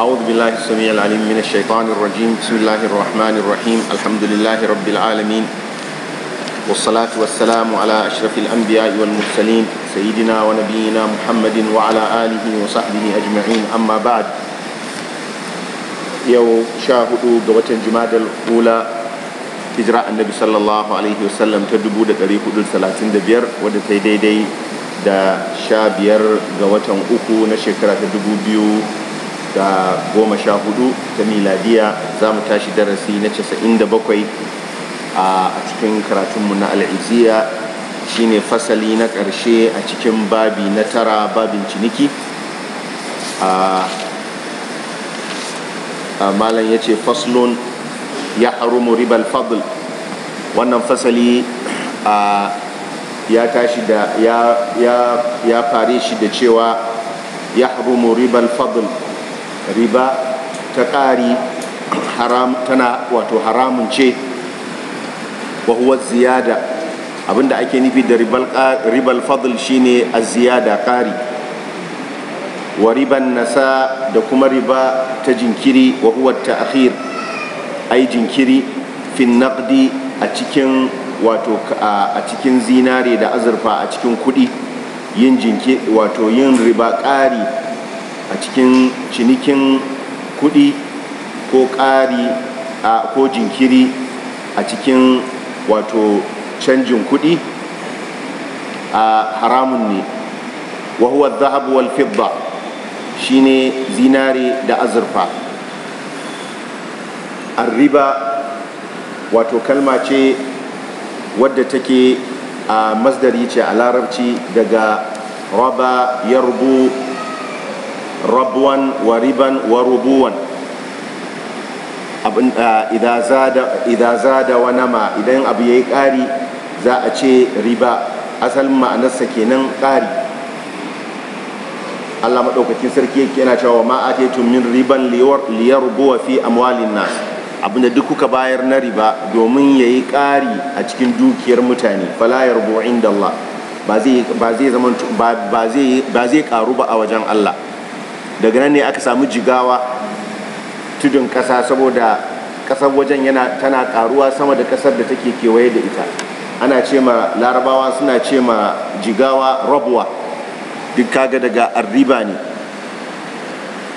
أعوذ بالله السميع العليم من الشيطان الرجيم بسم الله الرحمن الرحيم الحمد لله رب العالمين والصلاة والسلام على أشرف الأنبياء والمرسلين سيدنا ونبينا محمد وعلى آله وصحبه أجمعين أما بعد يو شاهدوا قوة جماد الأولى هجرة النبي صلى الله عليه وسلم تدبو دا تاريخ دول سلاتين دبير ودا تيدي دا شابير قوة أكو نشكرة دبو بيو ga goma sha hudu ta miladiya za mu tashi darasi na casa'in da bakwai a cikin karatunmu na al'iziya shine fasali na ƙarshe a cikin babi na tara babin ciniki malam ya ce faslun ya harumu ribal fadl wannan fasali ya tashi da ya fare shi da cewa ya harumu ribal fadl riba ta ƙari haram tana wato haramun ce wa huwa ziyada abinda ake nufi da ribal fadl shine a ziyada ƙari wa riban nasa da kuma riba ta jinkiri wa huwa ta'khir ai jinkiri fin naqdi a cikin wato a cikin zinare da azurfa a cikin kuɗi yin jinki wato yin riba ƙari a cikin cinikin kuɗi ko ƙari ko jinkiri a cikin wato canjin kuɗi a haramun ne wahuwa zahabu wal fidda shine zinare da azurfa arriba wato kalma ce wadda take a masdari ce a larabci daga raba yarbu Rabuwan wariban warubuwan. Ah, idan za da wani ma idan abu ya yi ƙari za a ce riba asalin ma'anarsa kenan ƙari allah maɗaukacin sarki yana cewa ma ake min riban liyar buwa fi amwalin nas abinda duk kuka bayar na riba domin ya yi ƙari a cikin dukiyar mutane falayar bu'in da allah ba zai ƙaru ba a wajen allah daga nan ne aka samu jigawa tudun ƙasa saboda ƙasar wajen yana tana ƙaruwa sama da ƙasar da take kewaye da ita ana ce ma larabawa suna ce ma jigawa rabuwa duk kaga daga arriba ne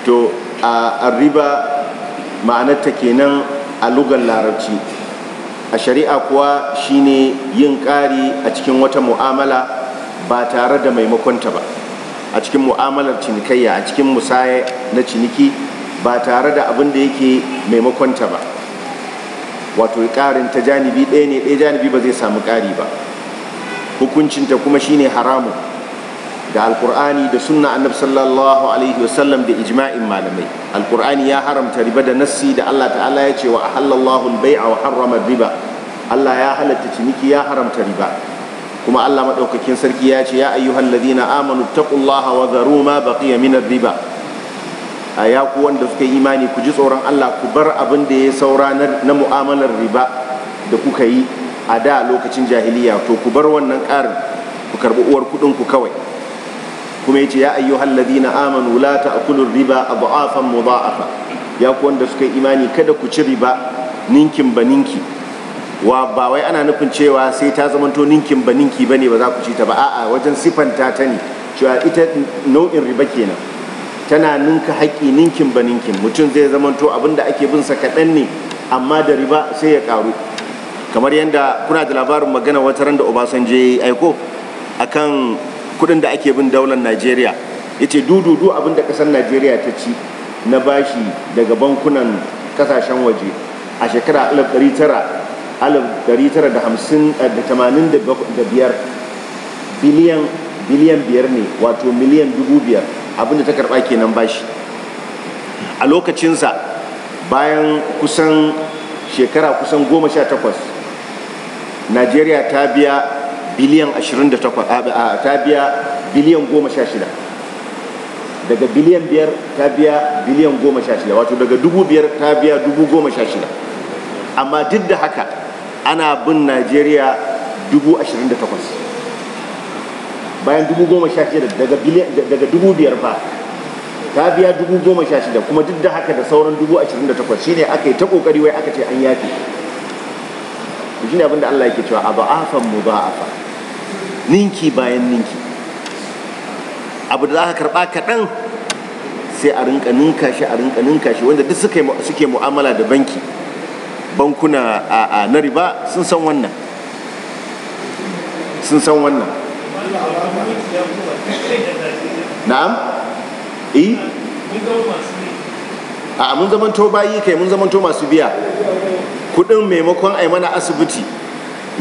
to a arriba ma'anarta kenan a lugar larabci a shari'a kuwa shine yin ƙari a cikin wata mu'amala ba tare da maimakonta ba a cikin mu'amalar cinikayya a cikin musaya na ciniki ba tare da abin da yake maimakon ta ba wato ƙarin ta janibi ɗaya ne ɗaya janibi ba zai samu ƙari ba hukuncinta kuma shine haramun da alkur'ani da sunna annabi sallallahu alaihi wasallam da ijma'in malamai alkur'ani ya haramta riba da nassi da Allah ta'ala ya ce wa ahallallahu al-bai'a wa harrama riba Allah ya halatta ciniki ya haramta riba kuma Allah maɗaukakin sarki ya ce ya ayyuhal ladina amanu taqullaha wa dharu ma baqiya min riba a ya ku wanda suka yi imani ku ji tsoron Allah ku bar abin da ya saura na mu'amalar riba da kuka yi a da lokacin jahiliya to ku bar wannan ƙarin ku karɓi uwar kuɗin ku kawai kuma yace ya ayyuhal ladina amanu la ta'kulu riba adhafan mudha'afa ya ku wanda suka yi imani kada ku ci riba ninkin ba ninki wa ba wai ana nufin cewa sai ta zamanto ninkin ba ninki ba ne ba za ku ci ta ba a'a wajen sifanta ta ne cewa ita nau'in riba kenan tana ninka haƙƙi ninkin ba ninkin mutum zai zamanto abin da ake bin sa kaɗan ne amma da riba sai ya ƙaru kamar yadda kuna da labarin magana wata ran da obasanjo ya yi aiko akan kuɗin da ake bin daular najeriya ya ce dududu abin da ƙasar najeriya ta ci na bashi daga bankunan kasashen waje a shekara 1900 1985 eh, biliyan biliyan biyar ne wato miliyan dubu biyar abinda ta karba kenan bashi a lokacinsa bayan kusan shekara kusan goma sha takwas najeriya ta biya biliyan ashirin da takwas ta biya biliyan goma sha shida daga biliyan biyar ta biya biliyan goma sha shida wato daga dubu biyar ta biya dubu goma sha shida amma duk da haka ana bin najeriya 28 bayan 16,000 daga 5,000 ba ta biya 16,000 kuma duk da haka da sauran shi ne aka yi ta kokari wai aka ce an yafi shi ne abinda Allah yake cewa a ba'afan mu ba'afa ninki bayan ninki abu da za ka karba kaɗan sai a rinka ninka shi a rinka ninka shi wanda duk suke mu'amala da banki bankuna a na riba sun san wannan sun san wannan na'am eh a mun zamanto bayi kai mun zamanto masu biya kudin maimakon ai mana asibiti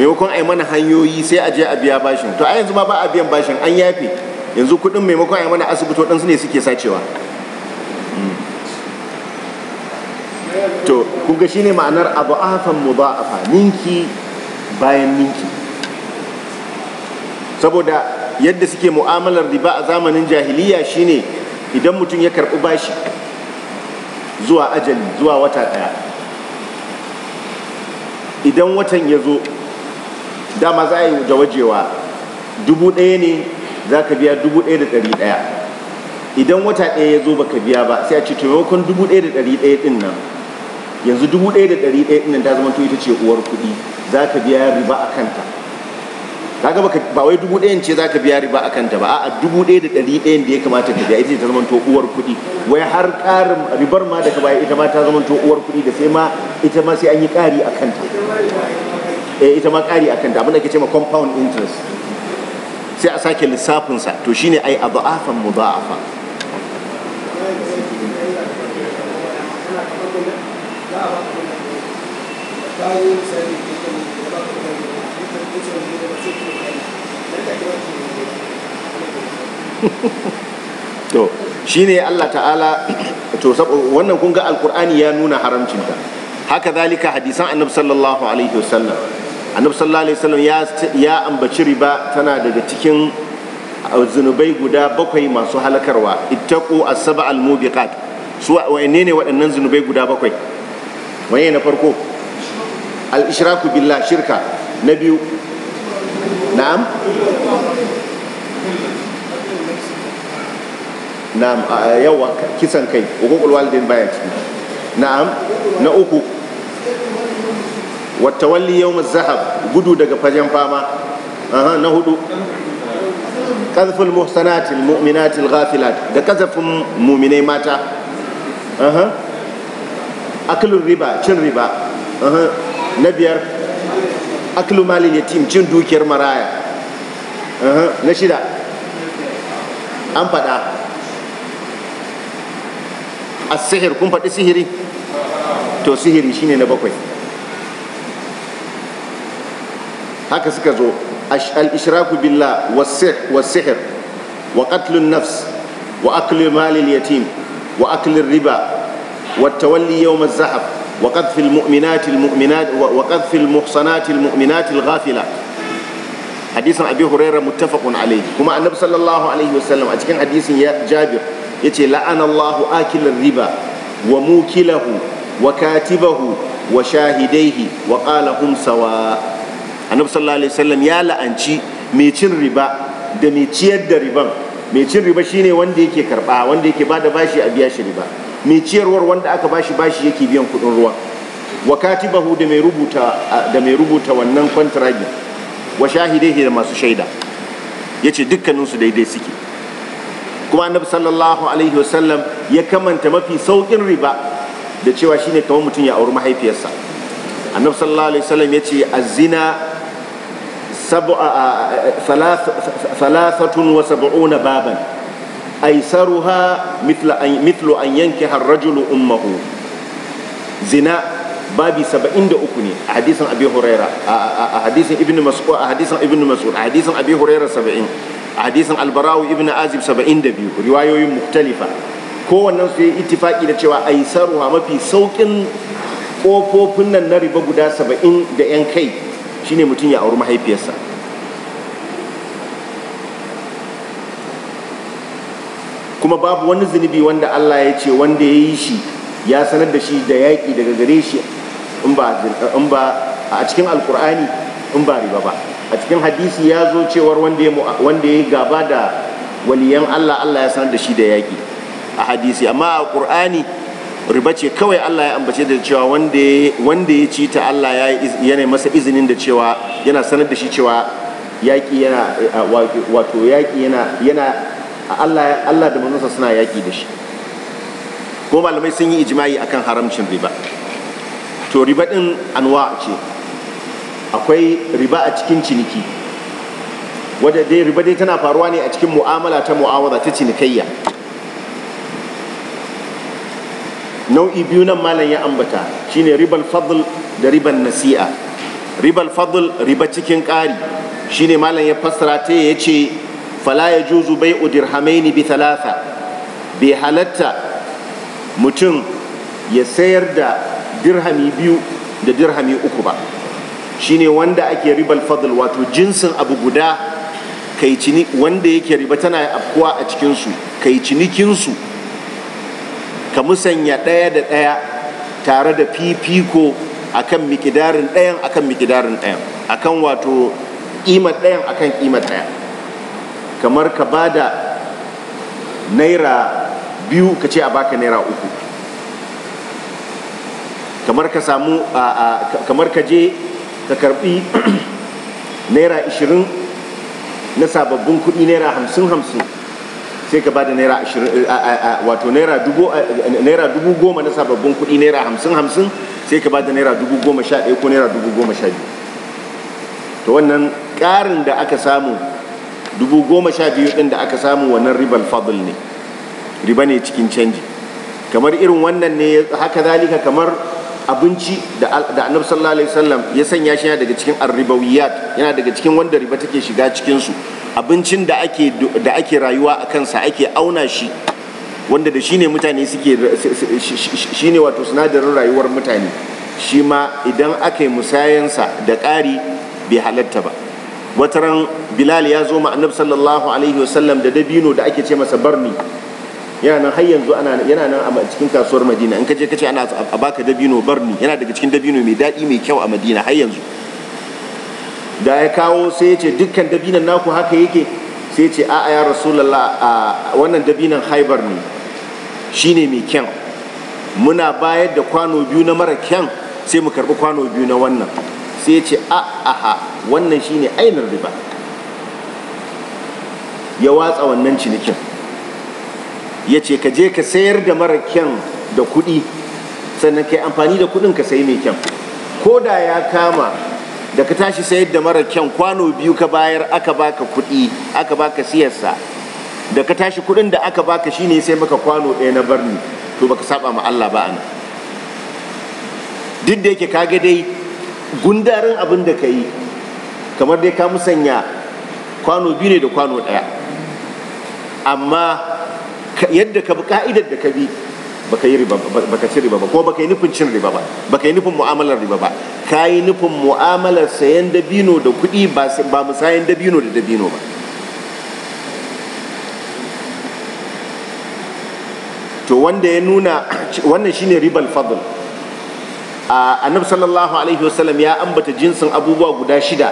maimakon ai mana hanyoyi sai a je a biya bashin to a yanzu ma ba a biyan bashin an yafe yanzu kudin maimakon ai mana asibiti waɗansu ne suke sacewa kuga shine ma'anar abu ba a ninki bayan ninki saboda yadda suke mu'amalar riba a zamanin jahiliya shine idan mutum ya karɓi bashi zuwa ajali zuwa wata ɗaya idan watan ya zo dama za a yi da wajewa dubu ɗaya ne za ka biya dubu ɗaya da ɗari ɗaya idan wata ɗaya ya zo baka biya ba sai a ce taimakon dubu ɗaya da ɗari ɗaya ɗin nan yanzu dubu ɗaya da ɗari ɗaya ɗinnan ta zama to ita ce uwar kuɗi za ka biya riba a kanta kaga baka ba wai dubu ɗayan ce za ka biya riba a kanta ba a'a dubu ɗaya da ɗari ɗayan da ya kamata ka biya ita ce ta zama to uwar kuɗi wai har ƙarin ribar ma da ka bayar ita ma ta zama to uwar kuɗi da sai ma ita ma sai an yi ƙari a kanta eh ita ma ƙari a kanta abin da ke ce ma compound interest sai a sake lissafinsa to shine ai adu'afan fa. to shine Allah ta'ala to wannan kun ga alkur'ani ya nuna haramcinta haka zalika hadisan annab sallallahu alaihi wasallam annab sallallahu alaihi wasallam ya ya ambaci riba tana daga cikin zunubai guda bakwai masu halakarwa ittaqu as-sab'al mubiqat su wa'annene ne waɗannan zunubai guda bakwai waye na farko al-ishraku billah shirka na biyu na'am na'am yawa kisan kai hukukul walidin baya ciki na'am na uku wattawalli yawm zahab gudu daga fajen fama na hudu kazful muhsanatil mu'minatil ghafilat da kazafin mu'minai mata akalun riba cin riba na biyar akalu malin yatim cin dukiyar maraya na shida an faɗa a sihir kun faɗi sihiri to sihiri shine na bakwai haka suka zo al-ishraku billah wa sihir wa qatlun nafs wa aklu malil yatim wa aklin riba والتولي يوم الزحف وقذف المؤمنات المؤمنات وقذف المحصنات المؤمنات الغافلات حديث أبي هريرة متفق عليه كما النبي صلى الله عليه وسلم أتكن حديث يا جابر يتي لعن الله آكل الربا وموكله وكاتبه وشاهديه وقال هم سواء النبي صلى الله عليه وسلم يا لأنشي ميتين ربا دميتين ربا ميتين ربا شيني وندي كي كربا وندي كي بعد باشي أبياش ربا mai ciyarwar wanda aka bashi bashi yake biyan kuɗin ruwa wa bahu da mai rubuta da mai rubuta wannan kwantiragi wa shahidai da masu shaida yace ce dukkaninsu daidai suke kuma annabi sallallahu alaihi wasallam ya kamanta mafi saukin riba da cewa shine kamar mutum ya auri mahaifiyarsa annabi sallallahu alaihi wasallam yace azina sab'a thalathatun wa sab'una baban aisaruha mithlu an yanki harrajulu ummahu zina babi saba'in da uku ne a hadisin abi huraira a hadisin ibn mas'ud a hadisin ibn mas'ud saba'in a hadisin albarawu ibn azib saba'in da biyu riwayoyin muktalifa kowannen su yi ittifaki da cewa aisaruha mafi sauƙin ƙofofin nan na riba guda saba'in da yan kai shine mutum ya auri mahaifiyarsa kuma babu wani zunubi wanda Allah ya ce wanda ya yi shi ya sanar da shi da yaƙi daga gare shi in ba a cikin alkur'ani in ba riba ba a cikin hadisi ya zo cewar wanda ya yi gaba da waliyan Allah Allah ya sanar da shi da yaƙi a hadisi amma a ƙur'ani riba ce kawai Allah ya ambace da cewa wanda ya ci ta Allah ya yana masa izinin da cewa yana sanar da shi cewa yaƙi yana wato yaƙi yana Allah da manusa suna yaƙi da shi ko malamai sun yi ijima'i akan haramcin riba to riba din anwa ce akwai riba a cikin ciniki wadda dai riba dai tana faruwa ne a cikin mu'amala ta mu'awada ta cinikayya nau'i biyu nan malam ya ambata shine ribar fadl da ribar nasi'a ribal fadl riba cikin ƙari shine malam ya fassara ta ya ce fala ya juzu bai dirhamaini bi thalatha bai halatta mutum ya sayar da dirhami biyu da dirhami uku ba shine wanda ake ribal fadl wato jinsin abu guda kai cini wanda yake riba tana afkuwa a cikinsu kai cinikinsu ka musanya ɗaya da ɗaya tare da fifiko akan mikidarin ɗayan akan mikidarin ɗayan akan wato ƙimar ɗayan akan ƙimar ɗaya kamar ka ba da naira biyu ka ce a baka naira uku kamar ka samu kamar ka je ka karbi naira ishirin na sababbin kudi naira hamsin hamsin sai ka ba naira ashirin eh, wato eh, naira dubu goma na sababbin kudi naira hamsin hamsin sai ka ba da naira dubu goma sha ɗaya ko naira dubu goma sha biyu to wannan ƙarin da aka samu dubu goma sha biyu ɗin da aka samu wannan ribal fadl ne riba ne cikin canji kamar irin wannan ne haka zalika kamar abinci da annabi sallallahu alaihi wasallam ya sanya shi yana daga cikin arribawiyat yana daga cikin wanda riba take shiga cikin su abincin da ake da ake rayuwa a kansa ake auna shi wanda da shine mutane suke shine wato sinadarin rayuwar mutane shi ma idan aka yi musayansa da ƙari bai halatta ba wataran bilal ya zo ma annabi sallallahu alaihi wasallam da dabino da ake ce masa barni yana nan har yanzu ana yana nan a cikin kasuwar madina in ka je ka ce ana a baka dabino barni yana daga cikin dabino mai daɗi mai kyau a madina har yanzu da ya kawo sai ya ce dukkan dabinan naku haka yake sai ya ce a'a ya rasulullah a wannan dabinan haibar ne shine mai kyan muna bayar da kwano biyu na mara kyan sai mu karbi kwano biyu na wannan sai ce a aha wannan shine ainihin riba ya watsa wannan cinikin ya ce ka je ka sayar da mara kyan da kuɗi sannan ka yi amfani da kuɗin ka sayi mai kyan ko da ya kama da ka tashi sayar da mara kyan kwano biyu ka bayar aka baka kudi aka baka siyarsa da ka tashi kuɗin da aka baka shine sai maka kwano ɗaya na barni to baka saba ma Allah ba ana duk da yake kaga dai gundarin abin da ka yi kamar dai ka musanya kwano biyu ne da kwano ɗaya amma yadda ka bi ka'idar da ka bi baka yi riba baka ci riba ba ko baka yi nufin cin riba ba baka yi nufin mu'amalar riba ba ka yi nufin mu'amalar sayan dabino da kuɗi ba musayan dabino da dabino ba to wanda ya nuna wannan shine ribal fadl annabi sallallahu alaihi wasallam ya ambata jinsin abubuwa guda shida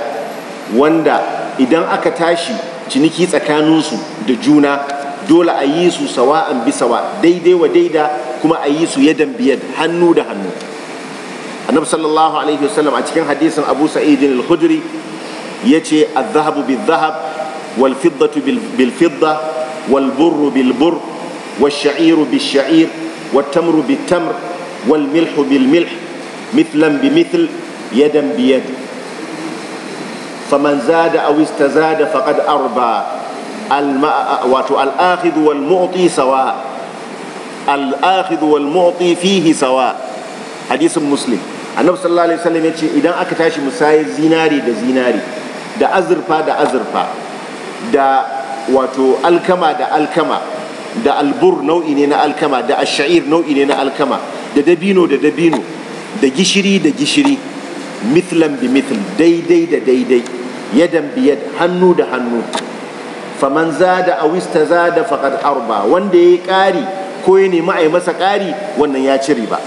wanda idan aka tashi ciniki tsakaninsu da juna dole a yi su sawa'an bi sawa daidai wa daida kuma a yi su yadan biyan hannu da hannu annabi sallallahu alaihi wasallam a cikin hadisin abu Sa'id al-khudri ya ce al-zahabu bil-zahab wal-fiddatu bil-fidda wal-burru bil-burr wal-sha'iru bil-sha'ir wal-tamru tamr wal-milhu bil-milh مثلا بمثل يدا بيد فمن زاد أو استزاد فقد أربى الآخذ والمعطي سواء الآخذ والمعطي فيه سواء حديث مسلم annabi sallallahu alaihi wasallam ya ce idan aka tashi musayar zinari da zinari da azurfa da azurfa da wato alkama da alkama da albur nau'i ne na alkama da ashair nau'i ne na alkama da dabino da dabino da gishiri da gishiri mithlan bi mithl daidai da daidai yadan bi yad hannu da hannu faman zada aw istazada faqad arba wanda yayi ƙari ko ya nemi a masa ƙari wannan ya ci riba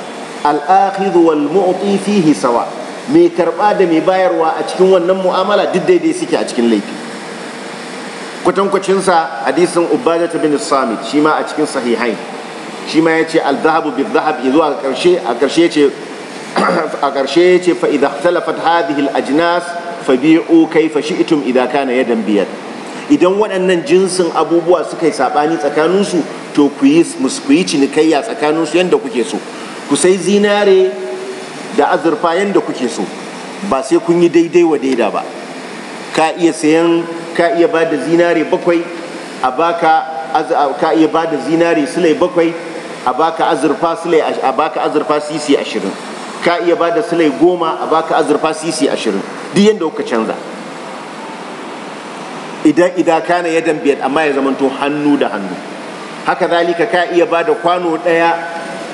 al-akhidhu wal mu'ti fihi sawa mai karba da mai bayarwa a cikin wannan mu'amala duk daidai suke a cikin laifi kwatankwacinsa hadisin ubadatu bin samit shima a cikin sahihain shima yace ya ce al-dhahabu bi dhahab zuwa ƙarshe a ƙarshe yace a ƙarshe ya ce fa idza ikhtalafat fa biyu okai fa shi shi'tum idan kana yadan biyar. idan waɗannan jinsin abubuwa suka yi saɓani tsakaninsu to ku yi cinikayya tsakaninsu yadda kuke so ku sai zinare da azurfa yadda kuke so ba sai kun yi daidai wa daida ba ka iya sayan ka iya ba da zinare bakwai a baka ka iya ba da zinare sulai bakwai a baka azurfa silai baka azurfa sisi ashirin ka iya ba da silai goma a baka azurfa sisi ashirin duk yadda kuka canza idan idan kana ya dambiyar amma ya zamanto hannu da hannu haka zalika ka iya ba da kwano ɗaya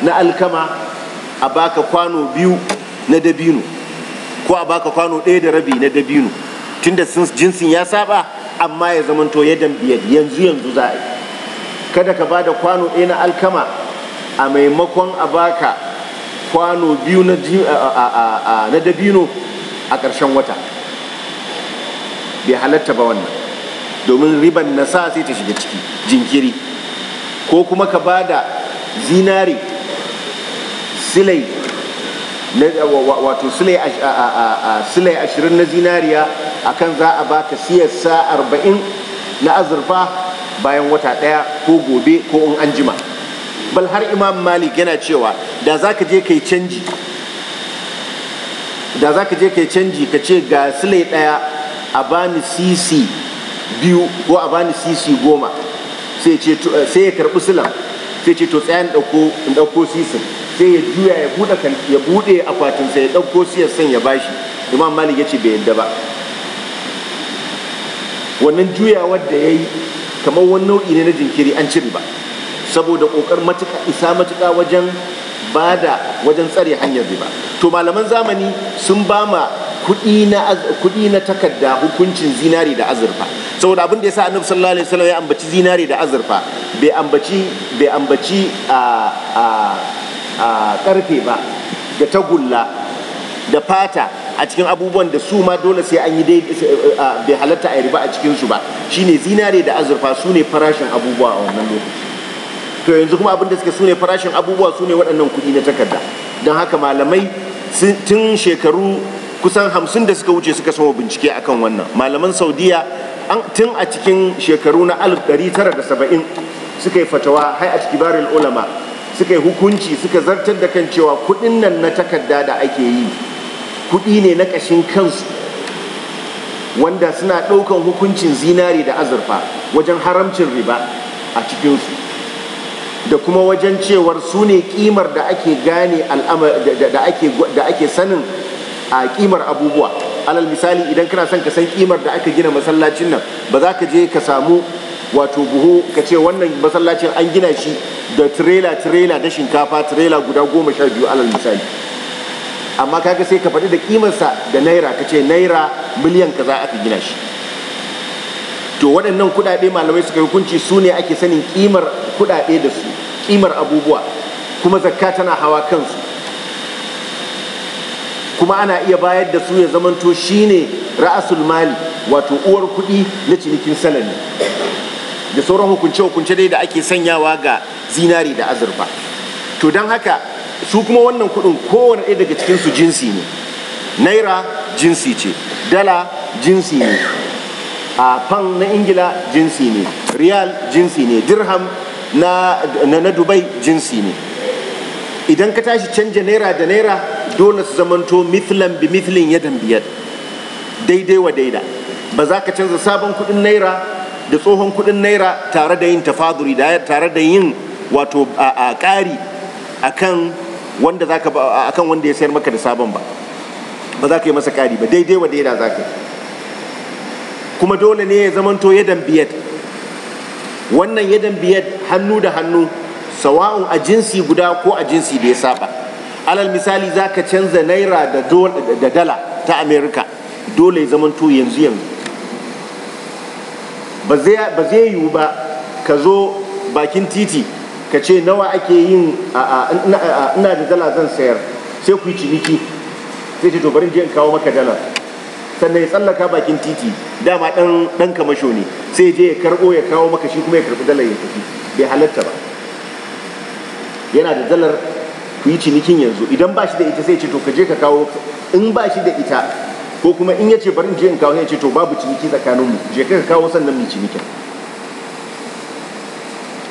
na alkama a baka kwano biyu na dabino ko a baka kwano ɗaya da rabi na dabino tunda jinsin ya saba amma ya zamanto ya dambiyar yanzu yanzu za a yi kada ka ba da kwano ɗaya na alkama a maimakon a baka kwano biyu na dabino a ƙarshen wata bai halatta ba wannan domin riban na sa sai ta shiga ciki jinkiri ko kuma ka ba da zinari silai wato silai ashirin na zinariya a kan za a baka sa arba'in na azurfa bayan wata ɗaya ko gobe ko in an jima bal har imam malik yana cewa da za ka je ka yi canji da za ka je ka yi canji ka ce ga silai ɗaya a bani sisi biyu ko a bani sisi goma sai ya karbi silam, eh, sai ce to tsaya in ɗauko sisin sai ya juya ya buɗe ya buɗe akwatin sai ya ɗauko siyasan ya bashi imam malik ya ce bai yadda ba wannan juyawar da ya yi kamar wani nau'i ne na jinkiri an cire ba. saboda ƙoƙarin matuka isa matuka wajen ba da wajen tsare hanyar riba to malaman zamani sun ba ma kuɗi na takarda hukuncin zinari da azurfa saboda abin da ya sa annabi sallallahu alaihi wasallam ya ambaci zinari da azurfa bai ambaci bai ambaci a karfe ba da tagulla da fata a cikin abubuwan da su ma dole sai an yi dai eh, eh, bai halatta a riba a cikin su ba shine zinare da azurfa su ne farashin abubuwa a wannan lokaci to yanzu kuma abin da suke sune farashin abubuwa sune waɗannan kuɗi na takarda don haka malamai tun shekaru kusan hamsin da suka wuce suka sama bincike akan wannan malaman saudiya tun a cikin shekaru na alif 1970 suka yi fatawa hai a cikin ulama suka yi hukunci suka zartar da kan cewa kuɗin nan na takarda da ake yi kuɗi ne na ƙashin kansu wanda suna ɗaukan hukuncin zinari da azurfa wajen haramcin riba a cikinsu da kuma wajen cewar su ne kimar da ake gane da ake sanin a kimar abubuwa alal misali idan kana son ka san kimar da aka gina masallacin nan ba za ka je ka samu wato buhu ka ce wannan masallacin an gina shi da tirela tirela da shinkafa tirela guda goma sha biyu alal misali amma kaga sai ka faɗi da kimarsa da naira ka ce naira miliyan ka za aka gina shi to waɗannan kuɗaɗe malamai suka hukunci su ne ake sanin ƙimar kuɗaɗe da su ƙimar abubuwa kuma zakka tana hawa kansu kuma ana iya bayar da su ya zamanto shine ra'asul mali wato uwar kuɗi na cinikin sanani da sauran hukunce-hukunce dai da ake sanyawa ga zinari da azurfa to don haka su kuma wannan kuɗin kowane ɗaya daga cikinsu jinsi ne naira jinsi ce dala jinsi ne a ah, fan na ingila jinsi ne riyal jinsi ne dirham na, na, dubai jinsi ne idan ka tashi canja naira da naira dole su zamanto mithlan bi mithlin yadan biyar daidai wa daida ba za ka canza sabon kudin naira da tsohon kudin naira tare da yin tafaduri tare da yin wato a kari akan wanda wanda ya sayar maka da sabon ba ba za ka yi masa kari ba daidai wa daida za ka yi kuma dole ne ya zamanto yadan biyar wannan yadan biyar hannu da hannu sawa'un a jinsi guda ko a jinsi da ya saba alal misali za ka canza naira da dala ta amerika dole ya zamanto yanzu yanzu ba zai yiwu ba ka zo bakin titi ka ce nawa ake yin ina da dala zan sayar sai ku yi ciniki sai ce to bari je in kawo maka dala. sannan ya tsallaka bakin titi dama dan dan kamasho ne sai je ya karbo ya kawo maka shi kuma ya karbi dalar ya tafi bai halatta ba yana da dalar ku yi cinikin yanzu idan ba shi da ita sai ce to ka je ka kawo in ba shi da ita ko kuma in yace bari in je in kawo ya ce to babu ciniki tsakaninmu je ka kawo sannan mu cinikin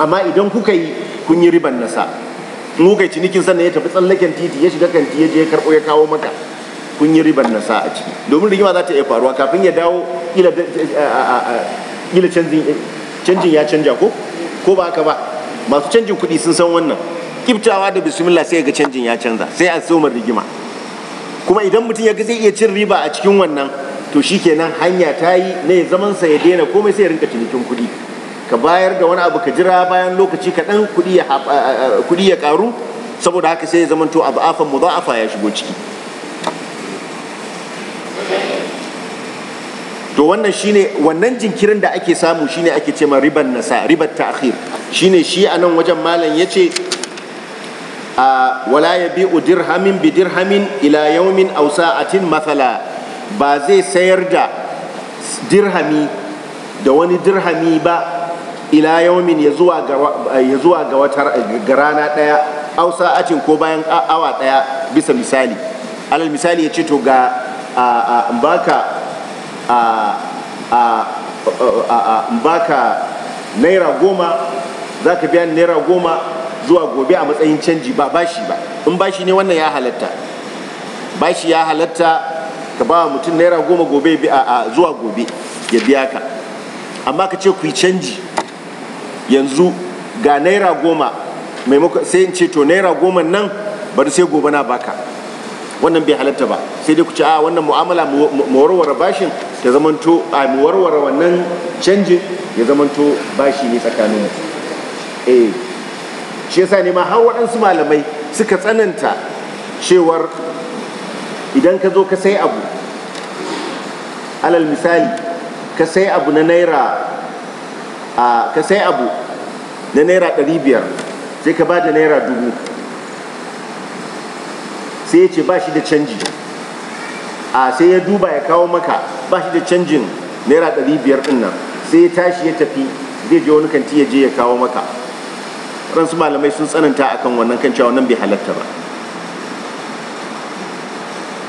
amma idan kuka yi kun yi riban nasa in kuka yi cinikin sannan ya tafi tsallaken titi ya shiga kanti ya je ya karbo ya kawo maka kun yi ribar nasa a ciki domin rigima za ta iya faruwa kafin ya dawo ila eh, eh, eh, canjin ya canja ko ko ba haka ba masu canjin kuɗi sun san wannan kiftawa da bismillah sai ga canjin ya canza sai a soma rigima kuma idan mutum ya zai iya cin riba a cikin wannan to shi shikenan hanya ta yi na ya zaman sa ya daina komai sai ya rinka cinikin kuɗi ka bayar da wani abu ka jira bayan lokaci ka dan kuɗi ya karu saboda haka sai ya zamanto abu afan a ya shigo ciki to wannan shine wannan jinkirin da ake samu shine ake cewa riban nasa ribar ta'khir shine shi a nan wajen malam yace a wala yabi'u dirhamin bi dirhamin ila yawmin aw sa'atin mathala ba zai sayar da dirhami da wani dirhami ba ila yawmin ya zuwa ga ya ga wata rana daya aw sa'atin ko bayan awa daya bisa misali alal misali ya ce to ga a baka a baka naira goma za ka biya naira goma zuwa gobe a matsayin canji ba bashi ba in bashi ne wannan ya halatta bashi ya halatta ka ba mutum naira goma gobe zuwa gobe ya biya ka amma ka ce ku yi canji yanzu ga naira goma sai in ce to naira goma nan bari sai gobe na baka wannan bai halatta ba sai dai ku ce a ah, wannan mu'amala mu warware bashin ya zamanto a mu warware wannan canjin ya zamanto bashi ne tsakanin mu eh shi yasa ne ma har waɗansu malamai suka tsananta cewar idan ka zo ka sai abu alal misali ka sai abu na naira ka sai abu na naira ɗari biyar sai ka ba da naira dubu sai ya ce ba shi da canji a sai ya duba ya kawo maka ba shi da canjin naira ɗari biyar ɗin nan sai ya tashi ya tafi zai je wani kanti ya je ya kawo maka ransu malamai sun tsananta akan wannan kan cewa wannan bai halatta ba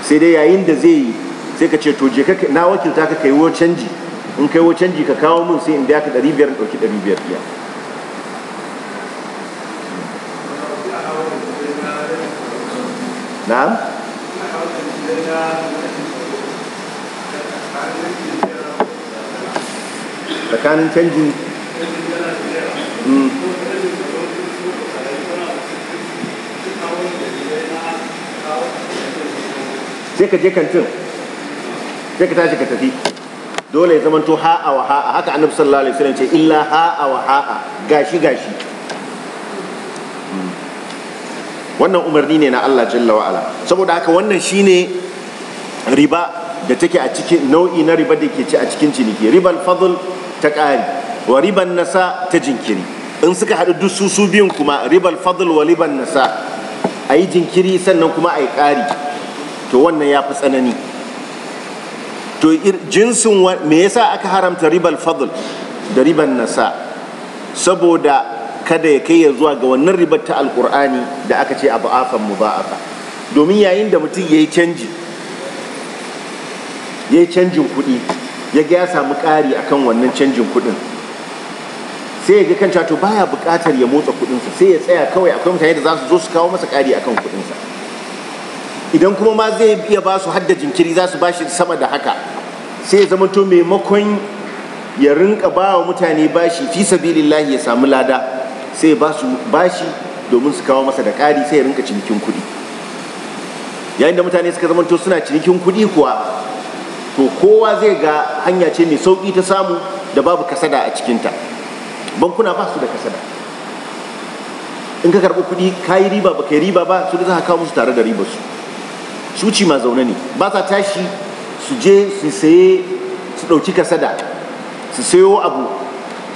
sai dai yayin da zai yi sai ka ce to je ka na wakilta ka kai wo canji in kai wo canji ka kawo min sai in biya ka ɗari biyar ɗauki ɗari biyar biya na'am tsakanin canjin sai hmm. je kantin sai ka tashi ka tafi dole ya zamanto ha'a wa ha'a haka annabi sallallahu alaihi wasallam ce illa ha'a wa ha'a gashi gashi wannan umarni ne na Allah jalla wa'ala saboda haka wannan shine riba da take a cikin nau'i na riba da ke ci a cikin ciniki ribal fadl ta ƙari wa riban nasa ta jinkiri in suka haɗu duk su su biyun kuma ribal fadl wa riban nasa a jinkiri sannan kuma ayi yi ƙari to wannan ya fi tsanani to jinsin me yasa aka haramta ribal fadl da riban nasa saboda kada ya kai ya zuwa ga wannan ribar ta alkur'ani da aka ce abu afan ba'afa domin yayin da mutum ya yi canji ya yi canjin kuɗi ya ga ya samu ƙari akan wannan canjin kuɗin sai ya ga kan cato baya buƙatar ya motsa kuɗinsa sai ya tsaya kawai akwai mutane da za su zo su kawo masa ƙari akan kuɗinsa idan kuma ma zai iya ba su hadda jinkiri za su ba shi sama da haka sai ya zama to maimakon ya rinka ba wa mutane bashi fi sabilillahi ya samu lada sai ba su bashi domin su kawo masa da ƙari sai ya rinka cinikin kuɗi yayin da mutane suka zamanto suna cinikin kuɗi kuwa to kowa zai ga hanya ce mai sauƙi ta samu da babu kasada a cikinta bankuna ba su da kasada in ka karɓi kuɗi ka yi riba ba ka yi riba ba su da za ka kawo musu tare da ribarsu su ci ma zaune ne ba sa tashi su je su saye su ɗauki kasada su sayo abu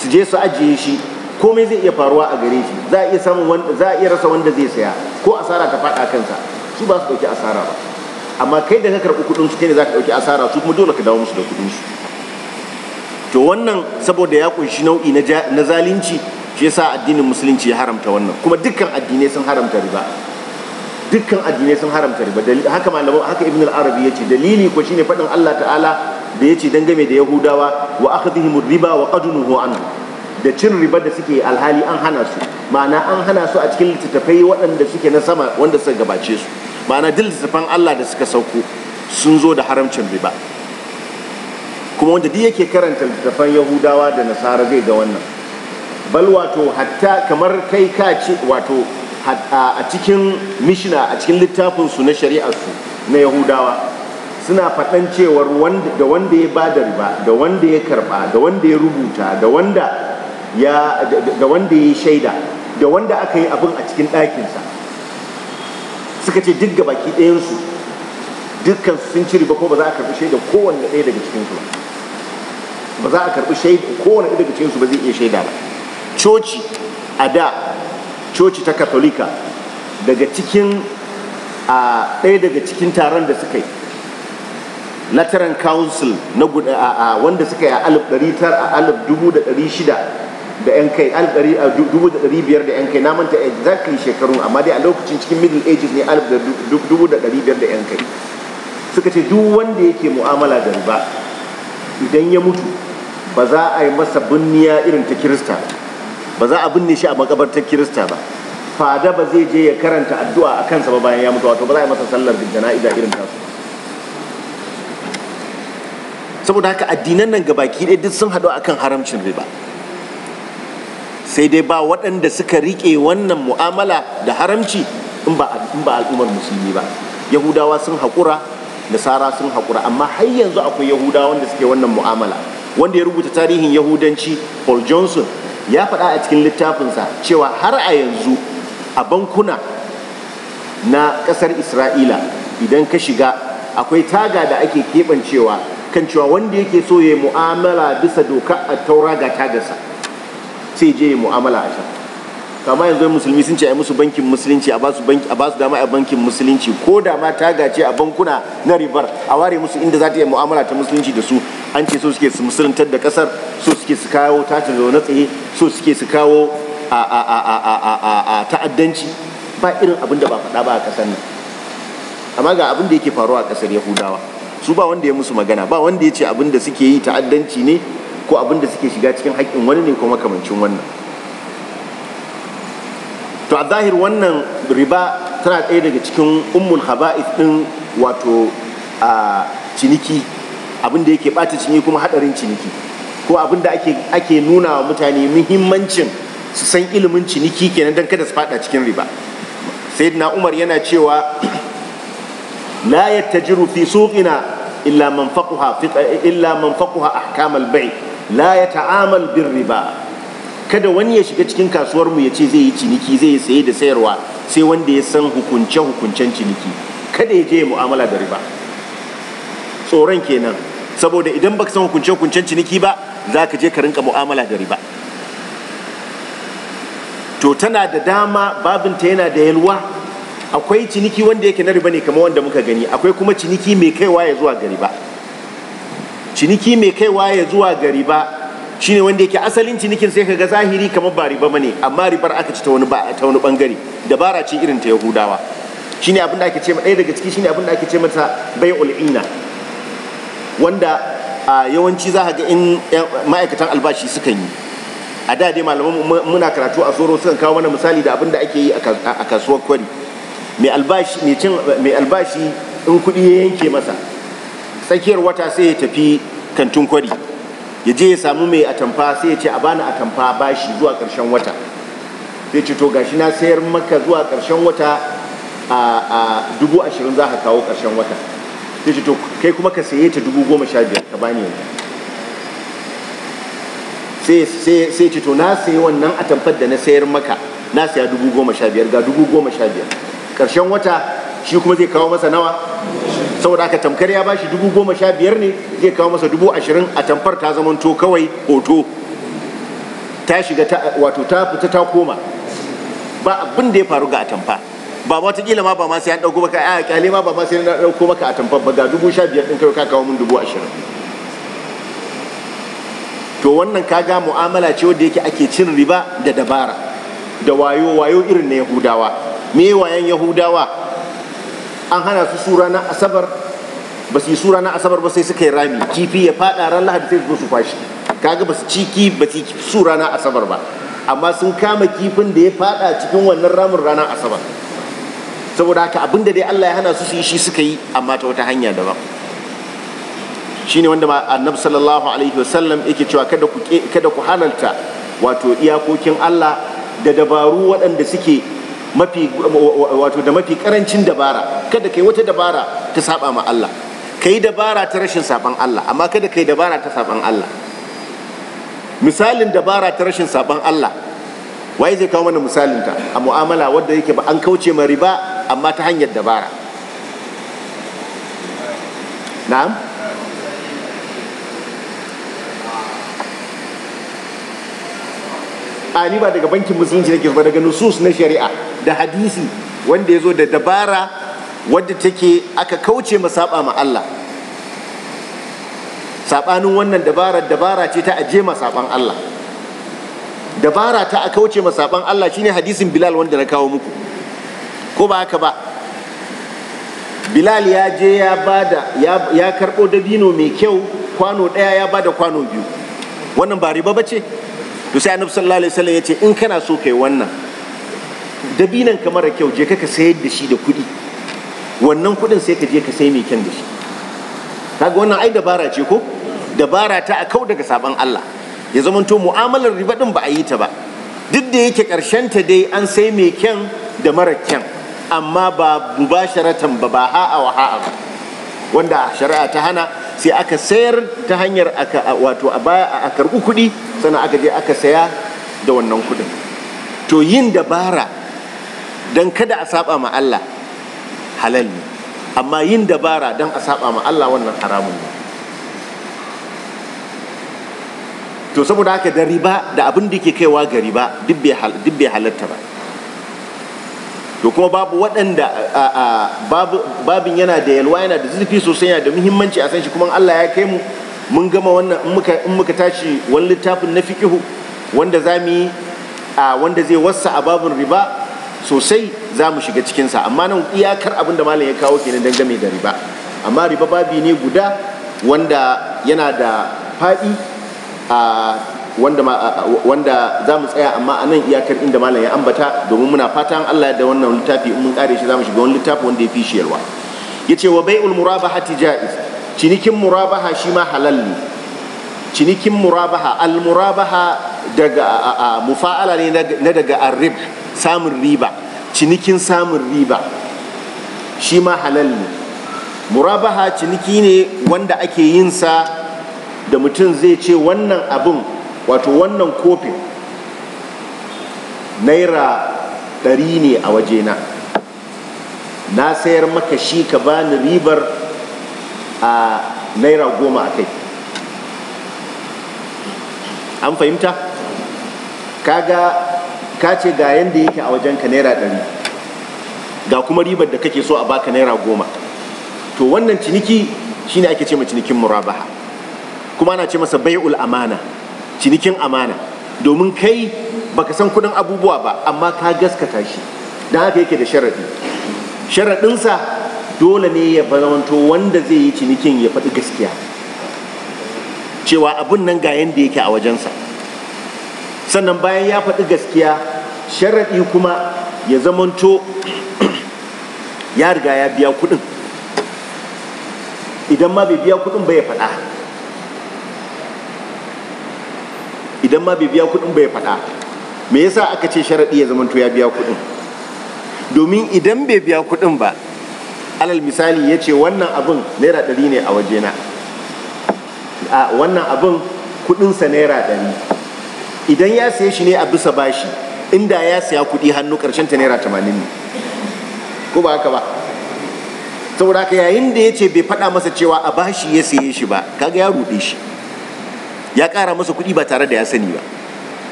su je su ajiye shi komai zai iya faruwa a gare shi za a iya rasa wanda zai saya ko asara ta faɗa kansa su ba su ɗauki asara ba amma kai da ka karɓi kuɗin su kai ne za ka ɗauki asara su kuma dole ka dawo musu da kuɗin su to wannan saboda ya kunshi nau'i na zalunci shi yasa addinin musulunci ya haramta wannan kuma dukkan addinai sun haramta riba dukkan addinai sun haramta riba haka malaman haka ibn al-arabi yace dalili ko shine faɗin Allah ta'ala da yace dangane da yahudawa wa akhdhihim riba wa qadnuhu anhu da cin riba da suke alhali an hana su ma'ana an hana su a cikin littattafai waɗanda suke na sama wanda suka gabace su ma'ana duk littattafan Allah da suka sauko sun zo da haramcin riba kuma wanda duk yake karanta littattafan Yahudawa da Nasara zai ga wannan bal wato hatta kamar kai ka ce wato a cikin mishina a cikin littafin su na shari'ar su na Yahudawa suna faɗan cewar da wanda ya ba da riba da wanda ya karɓa da wanda ya rubuta da wanda ya ga wanda ya shaida da wanda aka yi abin a cikin ɗakinsa suka ce duk baki ɗayansu dukkan sun ciri ba ko ba za a karɓi shaida kowanne ɗaya daga cikinsu ba ba za a karɓi shaida kowanne ɗaya daga cikinsu ba zai iya shaida ba coci a da coci ta katolika daga cikin a ɗaya daga cikin taron da suka yi lateran council na a wanda suka yi a alif shida. da yan kai alif a dubu da ɗari biyar da yan kai na manta exactly shekaru amma dai a lokacin cikin middle ages ne alif da dubu da ɗari biyar da yan kai suka ce duk wanda yake mu'amala da riba idan ya mutu ba za a yi masa binniya irin ta kirista ba za a binne shi a makabartar kirista ba fada ba zai je ya karanta addu'a a kansa ba bayan ya mutu wato ba za a yi masa sallar da jana'iza irin tasu saboda haka addinan nan gabaki ɗaya duk sun haɗu akan haramcin riba sai dai ba waɗanda suka riƙe wannan mu'amala da haramci in ba al'ummar musulmi ba yahudawa sun haƙura nasara sun haƙura amma har yanzu akwai yahudawa wanda suke wannan mu'amala wanda ya rubuta tarihin yahudanci paul johnson ya faɗa a cikin littafinsa cewa har a yanzu a bankuna na ƙasar isra'ila idan ka shiga akwai taga da ake keɓancewa kan cewa wanda yake so ya yi mu'amala bisa doka a taura ga tagarsa sai je mu'amala a can kama yanzu musulmi sun ce a musu bankin musulunci a ba su dama a bankin musulunci ko da ma ta gace a bankuna na ribar a ware musu inda za ta yi mu'amala ta musulunci da su an ce so suke su musuluntar da kasar so suke su kawo tashin na tsaye so suke su kawo a ta'addanci ba irin abin da ba faɗa ba a ƙasar nan amma ga abin da yake faruwa a ƙasar yahudawa su ba wanda ya musu magana ba wanda ya ce abin da suke yi ta'addanci ne ko abin da suke shiga cikin haƙƙin wani ne ko makamancin wannan to a zahir wannan riba tana ɗaya daga cikin ummul haba'is ɗin wato a ciniki abin da yake ɓata ciniki kuma haɗarin ciniki ko abin da ake nuna wa mutane muhimmancin su san ilimin ciniki kenan don kada su faɗa cikin riba sayyidina umar yana cewa la yattajiru fi suqina illa man faquha illa man faquha ahkam al-bay la riba kada wani ya shiga cikin kasuwar mu ya ce zai yi ciniki zai sayi da sayarwa sai wanda ya san hukunce hukuncen ciniki kada ya je mu'amala da riba tsoron kenan saboda idan baka san hukunce hukuncen ciniki ba za ka je ka rinka mu'amala da riba to tana da dama babinta yana da yalwa akwai ciniki wanda yake na riba ne kamar wanda muka gani akwai kuma ciniki mai kaiwa ya zuwa gari ba ciniki mai kaiwa ya zuwa ga riba shine wanda yake asalin cinikin sai kaga zahiri kamar ba riba bane amma ribar aka ci ta wani ta wani bangare dabara ce irin ta yahudawa shine abin da ake ce ɗaya daga ciki shine abin da ake ce mata bai'ul ina wanda a yawanci za ga in ma'aikatan albashi sukan yi a da dai malaman muna karatu a tsoro sukan kawo mana misali da abin da ake yi a kasuwar kwari mai albashi in kuɗi ya yanke masa tsakiyar wata sai ya tafi kantin kwari ya je ya samu mai atamfa sai ya ce a bani atamfa bashi zuwa ƙarshen wata sai ce to gashi na sayar maka zuwa ƙarshen wata a dubu ashirin za ka kawo ƙarshen wata sai ce to kai kuma ka saye ta dubu goma sha biyar ka bani yanzu sai ce to na sayi wannan atamfar da na sayar maka na saya dubu goma sha biyar ga dubu goma sha biyar karshen wata shi kuma zai kawo masa nawa saboda aka tamkar ya bashi dubu goma sha biyar ne zai kawo masa dubu ashirin a tamfar ta zamanto kawai hoto ta shiga wato ta fita ta koma ba abin da ya faru ga atamfa ba kila ma ba ma sai an maka a kyale ma ba ma sai an dauko maka atamfa ba ga dubu sha biyar ɗin kai ka kawo min dubu ashirin to wannan kaga mu'amala ce wadda yake ake cin riba da dabara da wayo wayo irin na yahudawa me wayan yahudawa an hana su sura na asabar ba su yi sura na asabar ba sai suka yi rami kifi ya faɗa ran lahadi sai su kwashi kaga ba su ci ba su sura na asabar ba amma sun kama kifin da ya faɗa cikin wannan ramin ranar asabar saboda haka abinda dai Allah ya hana su su yi shi suka yi amma ta wata hanya daban shine wanda annabi sallallahu alaihi wasallam yake cewa kada ku kada ku halalta wato iyakokin Allah da dabaru waɗanda suke mafi wato da mafi karancin dabara kada kai wata dabara ta saba ma Allah kai dabara ta rashin saban Allah amma kada kai dabara ta saban Allah misalin dabara ta rashin saban Allah waye zai kawo mana misalin ta a mu'amala wadda yake ba an kauce ma riba amma ta hanyar dabara na'am a ni ba daga bankin musulunci nake ba daga nusus na shari'a da hadisi wanda ya zo da dabara wadda take aka kauce ma saba ma Allah sabanin wannan dabara dabara ce ta aje ma saban Allah dabara ta a kauce ma saban Allah shine hadisin Bilal wanda na kawo muku ko ba haka ba Bilal ya je ya bada ya karɓo dabino mai kyau kwano ɗaya ya bada kwano biyu wannan ba riba ba to sai annabi sallallahu alaihi wasallam ya ce in kana so kai wannan dabinan ka mara kyau je ka sayar da shi da kuɗi wannan kuɗin sai ka je ka sai mai kyan da shi kaga wannan ai dabara ce ko dabara ta a kau daga sabon Allah ya zamanto mu'amalar riba din ba a yi ta ba duk da yake karshen ta dai an sai mai kyan da mara kyan amma ba mubasharatan ba ba ha'a wa ha'a ba wanda shari'a ta hana sai aka sayar ta hanyar aka wato a baya a karɓi kuɗi sannan aka je aka saya da wannan kuɗin to yin dabara don kada a saba ma Allah halal ne amma yin dabara don a saba ma Allah wannan haramun ne to saboda haka da riba da abin da ke kaiwa ga riba duk bai halatta ba to kuma babu waɗanda babin yana da yalwa yana da zurfi sosai yana da muhimmanci a san shi kuma Allah ya kai mu mun gama wannan in muka tashi wani littafin na fiqihu wanda za yi a wanda zai wassa a babin riba sosai za mu shiga cikinsa amma nan iyakar abin da malam ya kawo kenan dangane da riba amma riba babi ne guda wanda yana da faɗi a wanda wanda za mu tsaya amma a nan iyakar inda malam ya ambata domin muna fatan Allah ya da wannan littafi in mun kare shi za mu shiga wani littafi wanda ya fi shiyarwa Ya ce wa bai'ul murabahati jaiz cinikin murabaha shi ma halal cinikin murabaha al murabaha daga mufa'ala ne na daga arrib samun riba cinikin samun riba shi ma halal murabaha ciniki ne wanda ake yin sa da mutum zai ce wannan abin wato wannan kofin naira ɗari ne a waje na Na sayar maka shi ka bani ribar a naira goma a kai an fahimta kaga ka ce ga yadda yake a wajen ka naira ɗari ga kuma ribar da kake so a baka naira goma to wannan ciniki shine ake ce ma cinikin murabaha kuma ana ce masa bai'ul amana cinikin amana domin kai ba ka san kudin abubuwa ba amma ka gaskata shi don haka yake da sharaɗi sharaɗinsa dole ne ya zamanto wanda zai yi cinikin ya faɗi gaskiya cewa abin nan ga yadda yake a wajensa sannan bayan ya faɗi gaskiya sharaɗi kuma ya zamanto ya riga ya biya kuɗin idan ma bai biya kuɗin ba ya faɗa idan ma bai biya kuɗin bai faɗa me yasa aka ce sharaɗi ya zamanto ya biya kuɗin domin idan bai biya kuɗin ba alal misali ya ce wannan abin naira ɗari ne a wajena a wannan abin kuɗinsa naira ɗari idan ya saye shi ne a bisa bashi inda ya saya kuɗi hannu ƙarshen ta naira tamanin ne ko ba haka ba saboda haka yayin da ya ce bai faɗa masa cewa a bashi ya saye shi ba kaga ya ruɗe shi ya ƙara masa kuɗi ba tare da ya sani ba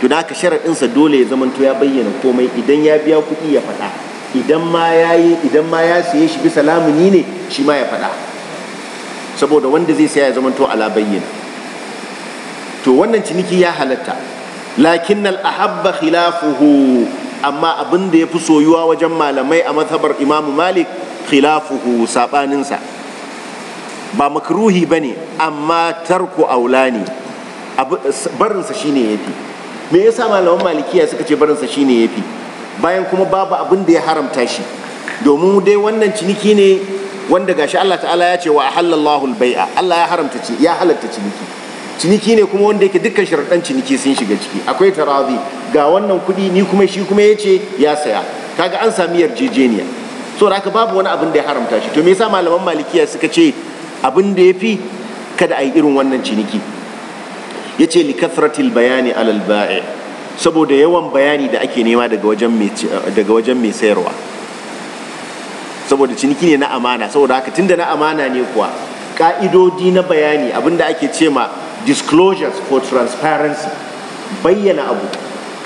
to da haka sharaɗinsa dole ya zamanto ya bayyana komai idan ya biya kuɗi ya faɗa idan ma ya yi idan ma ya siye shi bisa lamuni ne shi ma ya faɗa saboda wanda zai saya ya zamanto ala bayyana to wannan ciniki ya halatta lakin al ahabba khilafuhu amma abin da ya fi soyuwa wajen malamai a mazhabar imamu malik khilafuhu sa ba makruhi ne amma tarko tarku ne. barinsa shine fi. me yasa malaman malikiya suka ce barinsa shi ne ya fi? bayan kuma babu abin da ya haramta shi domin dai wannan ciniki ne wanda gashi Allah ta'ala ya ce wa ahallallahu al-bai'a Allah ya haramta ci ya halatta ciniki ciniki ne kuma wanda yake dukkan sharaɗan ciniki sun shiga ciki akwai tarazi ga wannan kuɗi ni kuma shi kuma ya ce ya saya kaga an sami yarjejeniya so da haka babu wani abin da ya haramta shi to me yasa malaman malikiya suka ce abin da ya fi kada a yi irin wannan ciniki ya ce likathratil bayani alal ba'i saboda yawan bayani da ake nema daga wajen mai sayarwa saboda ciniki ne na amana saboda haka tunda na amana ne kuwa ka'idodi na bayani abinda ake ce ma disclosures for transparency bayyana abu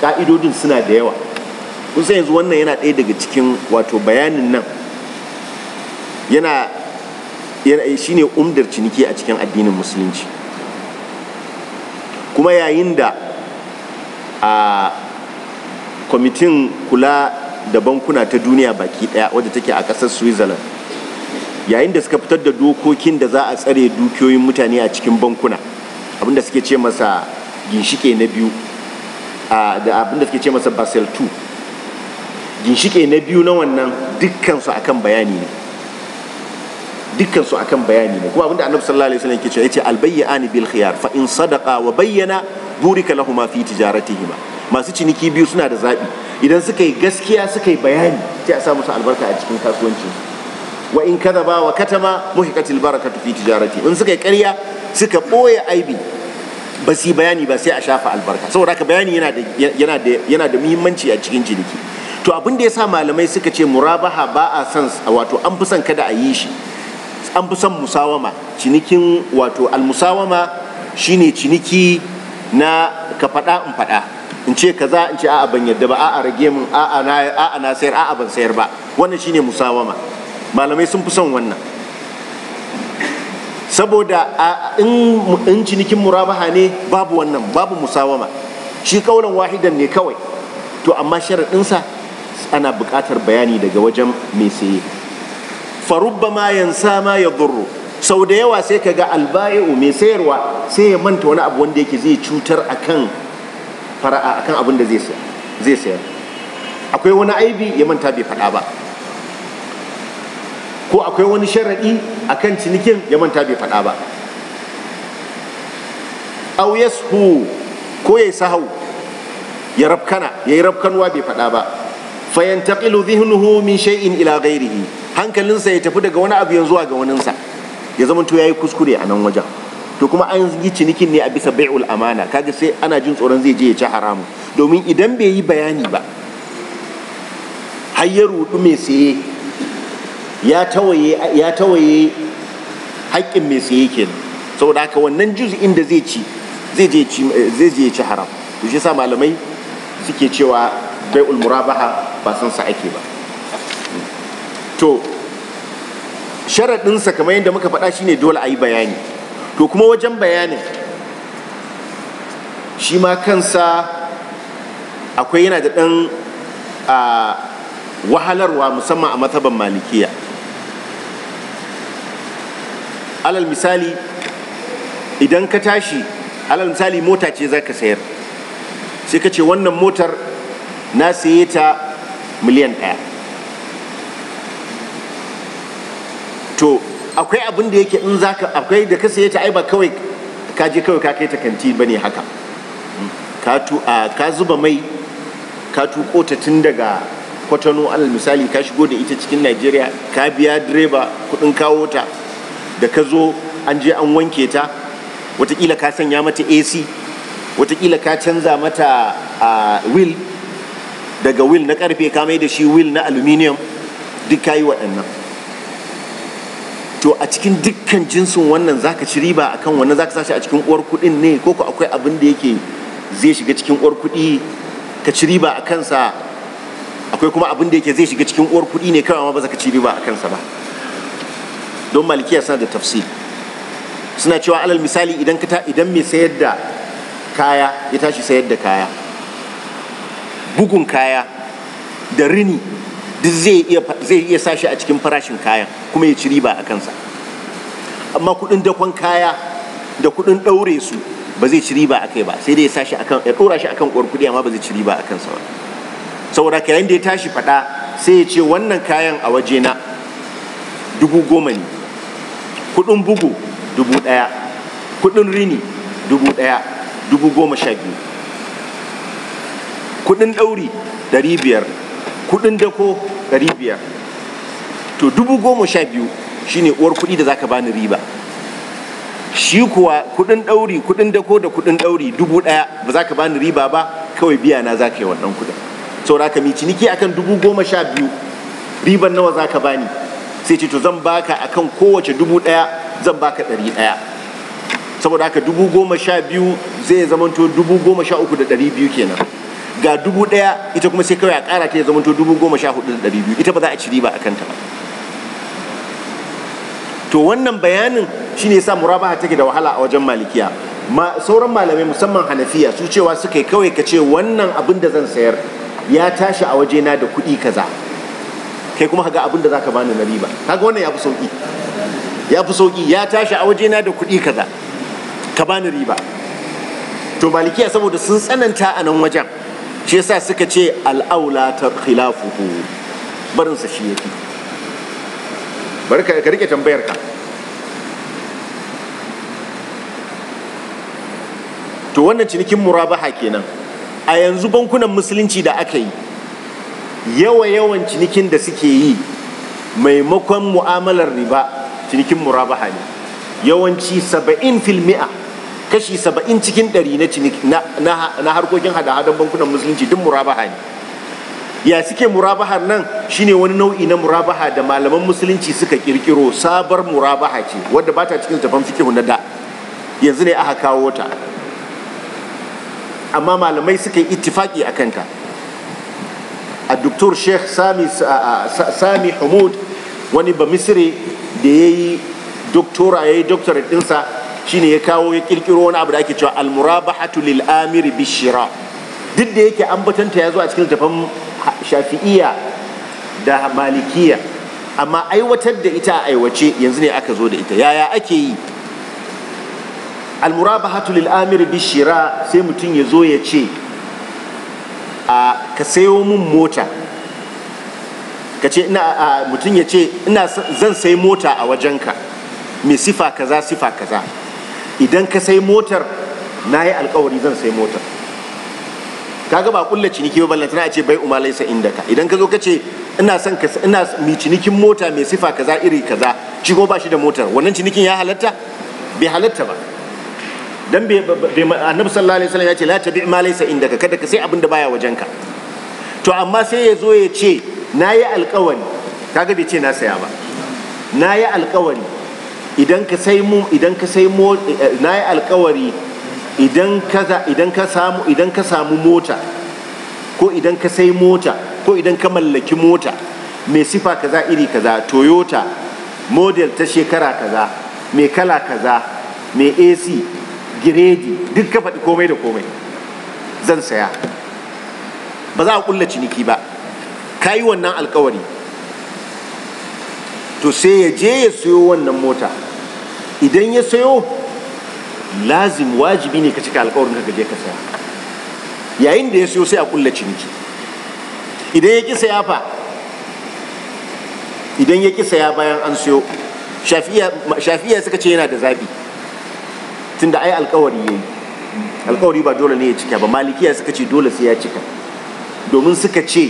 ka'idodin suna da yawa kusa yanzu wannan yana ɗaya daga cikin wato bayanin nan yana shine umdar ciniki a cikin addinin musulunci kuma yayin da a kwamitin kula da bankuna ta duniya baki daya wadda take a ƙasar switzerland yayin da suka fitar da dokokin da za a tsare dukiyoyin mutane a cikin bankuna abinda suke ce masa ginshike na biyu da abinda suke ce masa basel 2 ginshike na biyu na wannan dukkansu akan bayani ne dukkan su akan bayani ne kuma abinda annabi sallallahu alaihi wasallam yake cewa yace albayyani bil khiyar fa in sadaqa wa bayyana burika lahumu fi tijaratihima masu ciniki biyu suna da zabi idan suka yi gaskiya suka yi bayani sai a sa musu albarka a cikin kasuwancin wa in kadaba wa katama muhiqatil barakatu fi tijarati in suka yi ƙarya suka boye aibi ba su bayani ba sai a shafa albarka saboda haka bayani yana da yana da yana da muhimmanci a cikin ciniki to abin da sa malamai suka ce murabaha ba a san wato an fi son kada a yi shi an fi son musawama cinikin wato almusawama shine ciniki na ka faɗa in faɗa in ce kaza in ce a'a ban yadda ba a'a rage min a'a na a'a na sayar a'a ban sayar ba wannan shine musawama malamai sun fi son wannan saboda in cinikin murabaha ne babu wannan babu musawama shi kaulan wahidan ne kawai to amma sharaɗinsa ana buƙatar bayani daga wajen mai saye farubba ma yansa ma ya gurru sau da yawa sai ka ga alba'i'u mai sayarwa sai ya manta wani abu wanda yake zai cutar kan fara'a kan abin da zai sayar akwai wani aibi ya manta bai faɗa ba ko akwai wani sharaɗi kan cinikin ya manta bai faɗa ba au yashu ko ya yi sahau ya rabkana ya yi rafkanuwa bai faɗa ba fayantaqilu dhihnuhu min shay'in ila ghairihi hankalinsa ya tafi daga wani abu yanzu ga waninsa ya zama to yi kuskure a nan wajen to kuma an yi cinikin ne a bisa bai'ul amana kaga sai ana jin tsoron zai je ya ci haramu domin idan bai yi bayani ba har ya rudu mai saye ya tawaye ya haƙƙin mai saye kenan saboda haka wannan juz'in da zai ci zai je ya ci haram to shi malamai suke cewa bai murabaha ba sun sa ake ba to sharaɗinsa kamar yadda muka faɗa ne dole a yi bayani to kuma wajen bayanin shi ma kansa akwai yana da ɗan wahalarwa musamman a mataban malikiya alal misali idan ka tashi alal misali mota ce za ka sayar sai ka ce wannan motar na saye ta miliyan ɗaya to akwai abin da yake in za ka akwai da ka saye ta ai ba kawai ka je kawai ka kai ta kanti ba ne haka ka zuba mai ka tuko ta tun daga kwatano alal misali ka shigo da ita cikin najeriya ka biya direba kudin kawo ta da ka zo an je an wanke ta watakila ka sanya mata ac watakila ka canza mata a wil. daga wil na karfe kama mai da shi wil na aluminium duk kayi waɗannan to a cikin dukkan jinsin wannan zaka ci riba akan wannan zaka sashi a cikin uwar kuɗin ne ko ko akwai abin da yake zai shiga cikin uwar kuɗi ka ci riba a kansa akwai kuma abin da yake zai shiga cikin uwar kuɗi ne kawai ma ba za ka ci riba a kansa ba don malikiya suna da tafsir suna cewa alal misali idan ka idan mai sayar da kaya ya tashi sayar da kaya bugun kaya da rini duk zai iya sashi a cikin farashin kayan kuma ya ci riba a kansa amma kuɗin dakon kaya da kuɗin ɗaure su ba zai ci riba a kai ba sai dai ya sashi akan ya ɗora shi akan uwar kuɗi amma ba zai ci riba a kansa ba saboda kayan da ya tashi faɗa sai ya ce wannan kayan a waje na dubu goma ne kuɗin bugu dubu ɗaya kuɗin rini dubu ɗaya dubu goma sha biyu kudin ɗauri 500 biyar kudin dako 500 biyar to dubu goma sha biyu shine uwar kuɗi da zaka bani riba shi kuwa kudin ɗauri kudin dako da kudin ɗauri dubu ɗaya ba za ka bani riba ba kawai biya na za ka yi wannan kudin saura ka ciniki akan dubu goma sha biyu riban nawa za ka bani sai ce to zan baka akan kowace dubu ɗaya zan baka ɗari ɗaya saboda haka dubu goma sha biyu zai zamanto dubu goma sha uku da ɗari biyu kenan ga dubu ɗaya ita kuma sai kawai a ƙara ta ya zama to dubu goma sha hudu da ɗari biyu ita ba za a ci riba a kanta ba to wannan bayanin shine yasa murabaha take da wahala a wajen malikiya ma sauran malamai musamman hanafiya su cewa suka yi kawai ka ce wannan abin da zan sayar ya tashi a wajena da kuɗi kaza kai kuma haga abin da zaka bani na riba kaga wannan ya fi sauki ya fi sauki ya tashi a wajena da kuɗi kaza ka bani riba to malikiya saboda sun tsananta a nan wajen shi yasa suka ce al'aula ta khilafuhu sa shi yake bari ka rike tambayar ka to wannan cinikin murabaha kenan a yanzu bankunan musulunci da aka yi yawa-yawan cinikin da suke yi maimakon mu'amalar riba cinikin murabaha ne yawanci saba'in mi'a kashi saba'in cikin ɗari na harkokin hada hadar bankunan musulunci duk murabaha ne ya suke murabahar nan shine wani nau'i na murabaha da malaman musulunci suka kirkiro sabar murabaha ce wadda ba ta cikin tafan fikihu na da yanzu ne aka kawo ta amma malamai suka yi ittifaki a kanta a doktor sheikh sami Hamud, wani ba misri da ya yi doktora ya yi doktora ɗinsa shine ya kawo ya kirkiro wani abu da ake cewa almurabahatu lil amiri bishira duk da yake ambatanta ya zo a cikin tafan shafi'iyya da malikiya amma aiwatar da ita a aiwace yanzu ne aka zo da ita yaya ake yi almurabahatu lil amiri bishira sai mutum ya zo ya ce a ka sayo min mota ka ce mutum ya ce ina zan sai mota a wajenka mai sifa kaza sifa kaza idan ka sai motar na yi alkawari zan sai motar kaga ba kulla ciniki ba ballantana a ce bai umma laisa ka idan ka zo ka ce ina son ka ina mi cinikin mota mai sifa kaza iri kaza shi ko ba shi da motar wannan cinikin ya halatta bai halatta ba dan bai annabi sallallahu alaihi wasallam ya ce la tabi ma laisa ka kada ka sai abin da baya wajenka to amma sai ya zo ya ce na yi alkawari kaga bai ce na saya ba na yi alkawari idan ka sai mu idan ka sai mo eh, na yi alkawari idan ka idan ka samu idan ka samu mota ko idan ka sai mota ko idan ka mallaki mota mai sifa kaza iri kaza toyota model ta shekara kaza mai kala kaza mai ac giredi duk ka faɗi komai da komai zan saya ba za a ƙulla ciniki ba ka yi wannan alkawari to sai ya je ya siyo wannan mota idan ya sayo lazim wajibi ne ka cika alkawarin ka gaje ka saya yayin da ya sayo sai a kulla ciniki idan ya kisa ya fa idan ya kisa ya bayan an sayo shafiya suka ce yana da zabi tunda ai alkawari yayi alkawari ba dole ne ya cika ba malikiya suka ce dole sai ya cika domin suka ce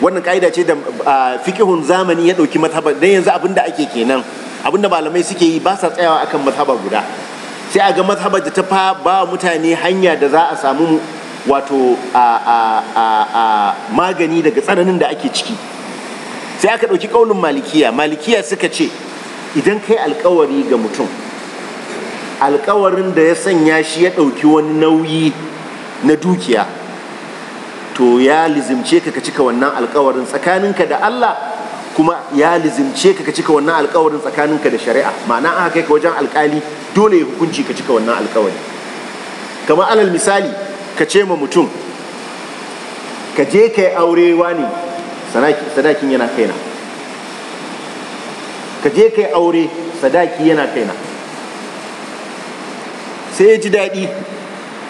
wannan ka'ida ce da fiƙihun zamani ya ɗauki mataba dan yanzu abin da ake kenan abinda malamai suke yi ba sa tsayawa akan mataba guda sai a ga mataba da ta fa ba mutane hanya da za a samu wato magani daga tsananin da ake ciki sai aka ɗauki ƙaunin malikiya malikiya suka ce idan kai alkawari ga mutum alkawarin da ya sanya shi ya ɗauki wani nauyi na dukiya to ya lizimce ka cika wannan alkawarin tsakaninka da Allah kuma ya lizimce ka ka cika wannan alkawarin tsakaninka da shari'a ma'ana aka kai ka wajen alkali dole ya hukunci ka cika wannan alkawari kamar alal misali ka ce ma mutum ka je ka yi aure wani sadakin yana kaina ka je ka yi aure sadaki yana kaina sai ya ji daɗi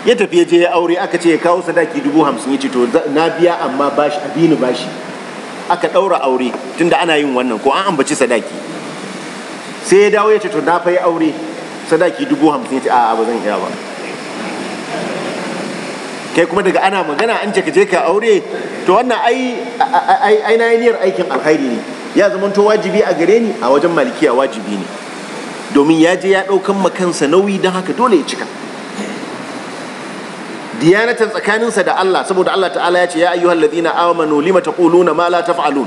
ya tafi ya je ya aure aka ce ya kawo sadaki dubu hamsin ya ce to na biya amma bashi abinu bashi aka ɗaura aure tunda ana yin wannan ko an ambaci sadaki sai ya dawo ya ce to na fa aure sadaki dubu hamsin ya ce a'a ba zan iya ba kai kuma daga ana magana an ce ka je ka aure to wannan ai ai aikin alkhairi ne ya zama to wajibi a gare ni a wajen malikiya wajibi ne domin ya je ya ɗaukan makansa nauyi don haka dole ya cika diyanatan tsakaninsa da Allah saboda Allah ta'ala ya ce ya ayyuhal ladina amanu lima taquluna ma la taf'alun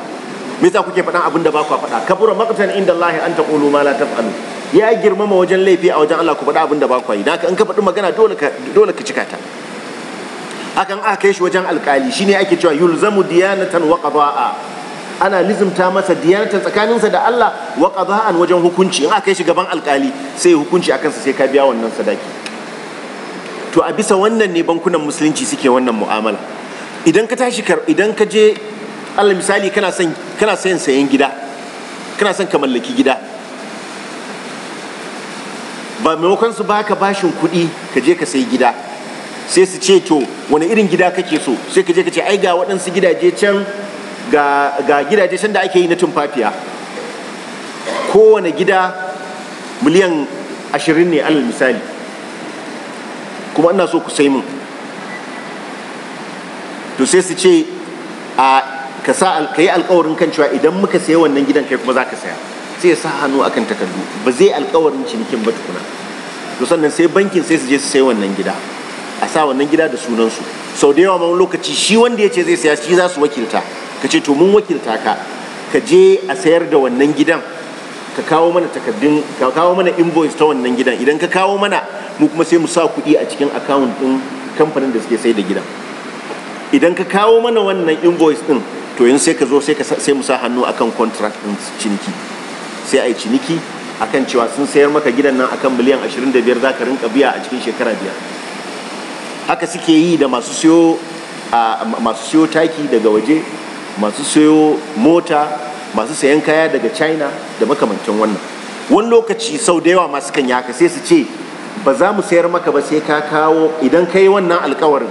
me yasa kuke faɗan abin da ba ku faɗa kabura maqtan inda Allah an taqulu ma la taf'alun ya girmama wajen laifi a wajen Allah ku faɗa abin da ba ku yi dan in ka faɗi magana dole ka dole ka cika ta akan aka kai shi wajen alkali shine ake cewa yulzamu diyanatan wa qada'a ana lizumta masa diyanatan tsakaninsa da Allah wa qada'an wajen hukunci in aka kai shi gaban alƙali, sai hukunci akan sa sai ka biya wannan sadaki to a bisa wannan ne bankunan musulunci suke wannan mu'amala idan ka tashi idan ka je allah misali kana son kana son sayan gida kana son ka mallaki gida ba maimakon su baka bashin kuɗi ka je ka sayi gida sai su ce to wani irin gida kake so sai ka je ka ce ai ga waɗansu gidaje can ga gidaje can da ake yi na tumfafiya kowane gida miliyan ashirin ne alal misali kuma ina so ku sai mun to sai su ce a ka sa ka yi alkawarin kan cewa idan muka sayi wannan gidan kai kuma za ka saya sai ya sa hannu akan takardu ba zai alkawarin cinikin ba tukuna to sannan sai bankin sai su je su sayi wannan gida a sa wannan gida da sunansu sau da yawa wani lokaci shi wanda ya ce zai saya shi za su wakilta ka ce to mun wakilta ka ka je a sayar da wannan gidan ka kawo mana takaddun ka kawo mana invoice ta wannan gidan idan ka kawo mana mu kuma sai mu sa kuɗi a cikin account din kamfanin da suke sai da gidan idan ka kawo mana wannan invoice din to yin sai ka zo sai mu sa hannu akan contract ɗin ciniki sai a yi ciniki akan cewa sun sayar maka gidan nan akan miliyan 25 za ka rinka biya a cikin shekara biyar haka suke yi da masu siyo masu siyo taki daga waje masu siyo mota masu sayan kaya daga china da makamantan wannan wani lokaci sau da yawa masu kan yaka sai su ce ba za mu sayar maka ba sai ka kawo idan ka yi wannan alkawarin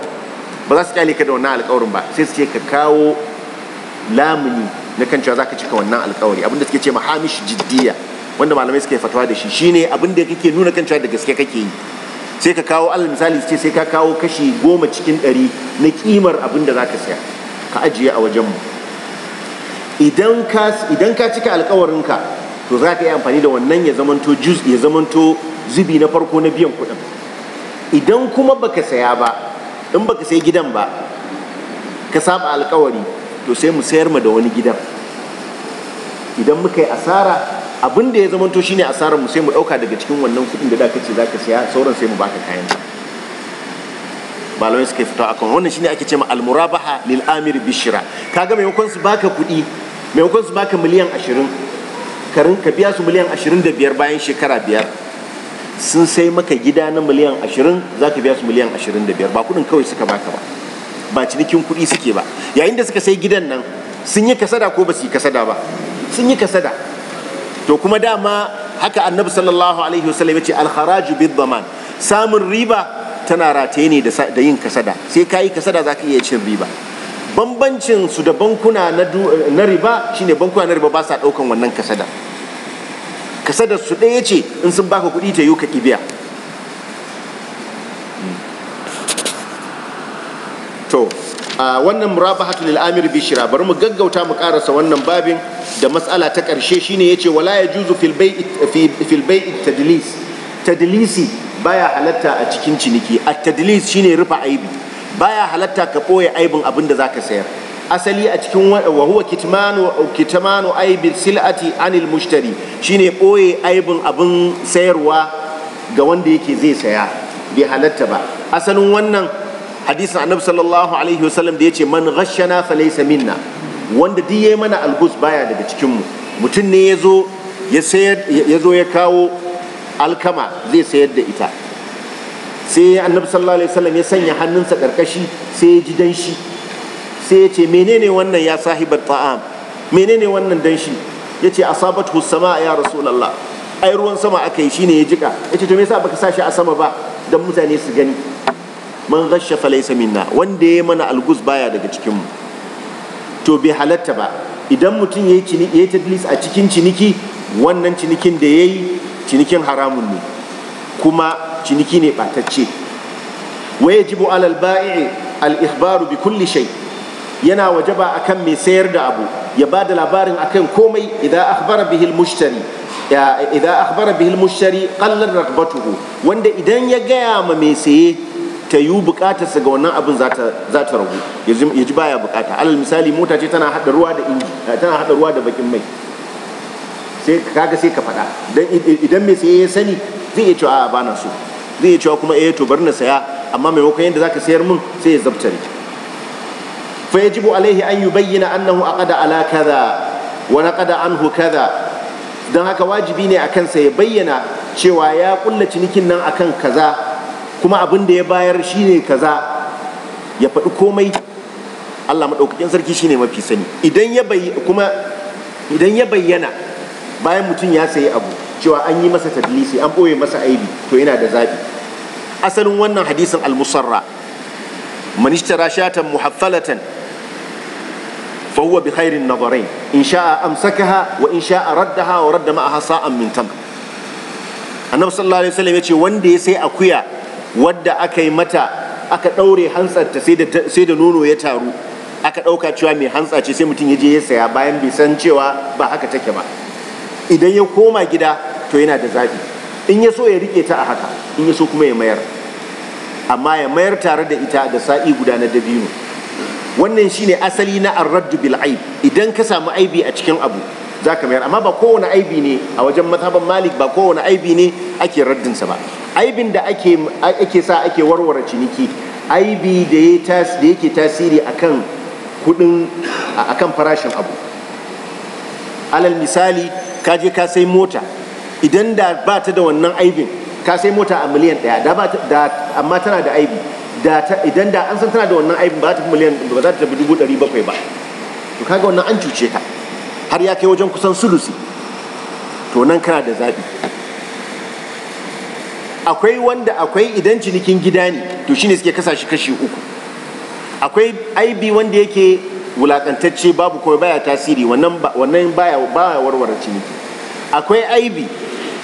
ba za su kyale ka da wannan alkawarin ba sai su ce ka kawo lamuni na kan cewa za ka cika wannan alkawari abinda suke ce mahamish jiddiya wanda malamai suke fatawa da shi shine abinda kake nuna kan cewa da gaske kake yi sai ka kawo allah misali su ce sai ka kawo kashi goma cikin ɗari na kimar abinda za ka saya ka ajiye a wajen mu idan ka cika ka. to za ka yi amfani da wannan ya zamanto juz ya zamanto zubi na farko na biyan kuɗin idan kuma baka saya ba in baka sayi gidan ba ka saba alkawari to sai mu sayar mu da wani gidan idan muka yi asara abin da ya zamanto shine asarar mu sai mu ɗauka daga cikin wannan kuɗin da da kace za ka saya sauran sai mu baka kayan malamai suka fito akan wannan shine ake cewa al-murabaha lil amir bishira kaga maimakon su baka kuɗi maimakon su baka miliyan 20 karin ka biya su miliyan 25 bayan shekara biyar sun sai maka gida na miliyan 20 zaka biya su miliyan 25 ba kuɗin kawai suka baka ba ba cinikin kuɗi suke ba yayin da suka sai gidan nan sun yi kasada ko ba su yi kasada ba sun yi kasada to kuma dama haka annabi sallallahu alaihi wasallam ya ce al-kharaju bid-daman samun riba tana rataye ne da yin kasada sai ka yi kasada za ka iya cin riba bambancin su da bankuna na riba shine bankuna na riba ba sa ɗaukan wannan kasada kasadar su ɗaya ce in sun baka kuɗi ta yi ka biya to wannan murabahatu hatu amir bishira bari mu gaggauta mu karasa wannan babin da matsala ta ƙarshe shine ya ce wala ya juzu filbai tadlis tadlisi baya halatta a cikin ciniki a tadlis shine rufe aibi baya halatta ka boye aibin abin da zaka sayar asali a cikin wa huwa kitmanu aibi sil'ati anil mushtari shine ɓoye aibin abin sayarwa ga wanda yake zai saya bai halatta ba asalin wannan hadisin annabi sallallahu alaihi wasallam da yace man ghashana falaysa minna wanda duk yayi mana algus baya daga cikin mu mutum ne yazo ya sayar ya zo ya kawo alkama zai sayar da ita sai annabi sallallahu alaihi wasallam ya sanya hannunsa karkashi sai ya ji danshi sai ya ce menene wannan ya sahibar ta'am menene wannan danshi ya ce asabat hussama ya rasulallah ai ruwan sama aka yi shine ya jika ya ce to me yasa baka sa shi a sama ba dan mutane su gani man ghashsha falaysa minna wanda ya mana algus baya daga cikin mu to bai halatta ba idan mutum ya yi tadlis a cikin ciniki wannan cinikin da yayi cinikin haramun ne kuma ciniki ne ɓatacce wa yajibu alal ba'i al ihbaru bi kulli shay yana wajaba akan mai sayar da abu ya ba da labarin akan komai idan akhbara bihi al mushtari idan akhbara bihi al mushtari qallal ragbatuhu wanda idan ya gaya ma mai saye ta yi bukatarsa ga wannan abin za ta ragu yaji baya bukata alal misali mota ce tana hada ruwa da inji tana hada ruwa da bakin mai sai kaga sai ka faɗa dan idan mai saye ya sani zai iya cewa a bana so zai iya cewa kuma eh to bar na saya amma mai maimakon yadda zaka sayar mun sai ya zabtare fa yajibu alaihi an yubayyana annahu aqada ala kaza wa naqada anhu kaza dan haka wajibi ne akan sa ya bayyana cewa ya kulla cinikin nan akan kaza kuma abin da ya bayar shine kaza ya faɗi komai Allah maɗaukakin sarki shine mafi sani kuma idan ya bayyana bayan mutum ya sayi abu cewa an yi masa tadlisi an ɓoye masa aibi to yana da zaɓi asalin wannan hadisin al-musarra man shatan muhaffalatan fahuwa bi khairin nazarai in sha'a amsakaha wa in sha'a raddaha wa radda ma'aha sa'an min tamr annabi sallallahu alaihi wasallam yace wanda ya sai akuya wadda aka yi mata aka daure hantsarta sai da nono ya taru aka dauka cewa mai hantsa ce sai mutum ya je ya saya bayan bai san cewa ba haka take ba idan ya koma gida to yana da zaɓi in ya so ya riƙe ta a haka in ya so kuma ya mayar amma ya mayar tare da ita da sa'i guda na dabino wannan shine asali na arraddu bil aib idan ka samu aibi a cikin abu za ka mayar amma ba kowane aibi ne a wajen mazhaban malik ba kowane aibi ne ake raddinsa ba aibin da ake, sa ake warware ciniki aibi da yake tasiri akan kudin akan farashin abu alal misali ka je ka sai mota idan da ba ta da wannan aibin ka sai mota a miliyan ɗaya da amma tana da aibi idan da an san tana da wannan aibin ba ta fi miliyan ba za ta tafi dubu ɗari bakwai ba to kaga wannan an cuce ka har ya kai wajen kusan sulusi to nan kana da zaɓi akwai wanda akwai idan cinikin gida ne to shine suke kasa shi kashi uku akwai aibi wanda yake wulakantacce babu kuma baya tasiri wannan baya warware ciniki akwai aibi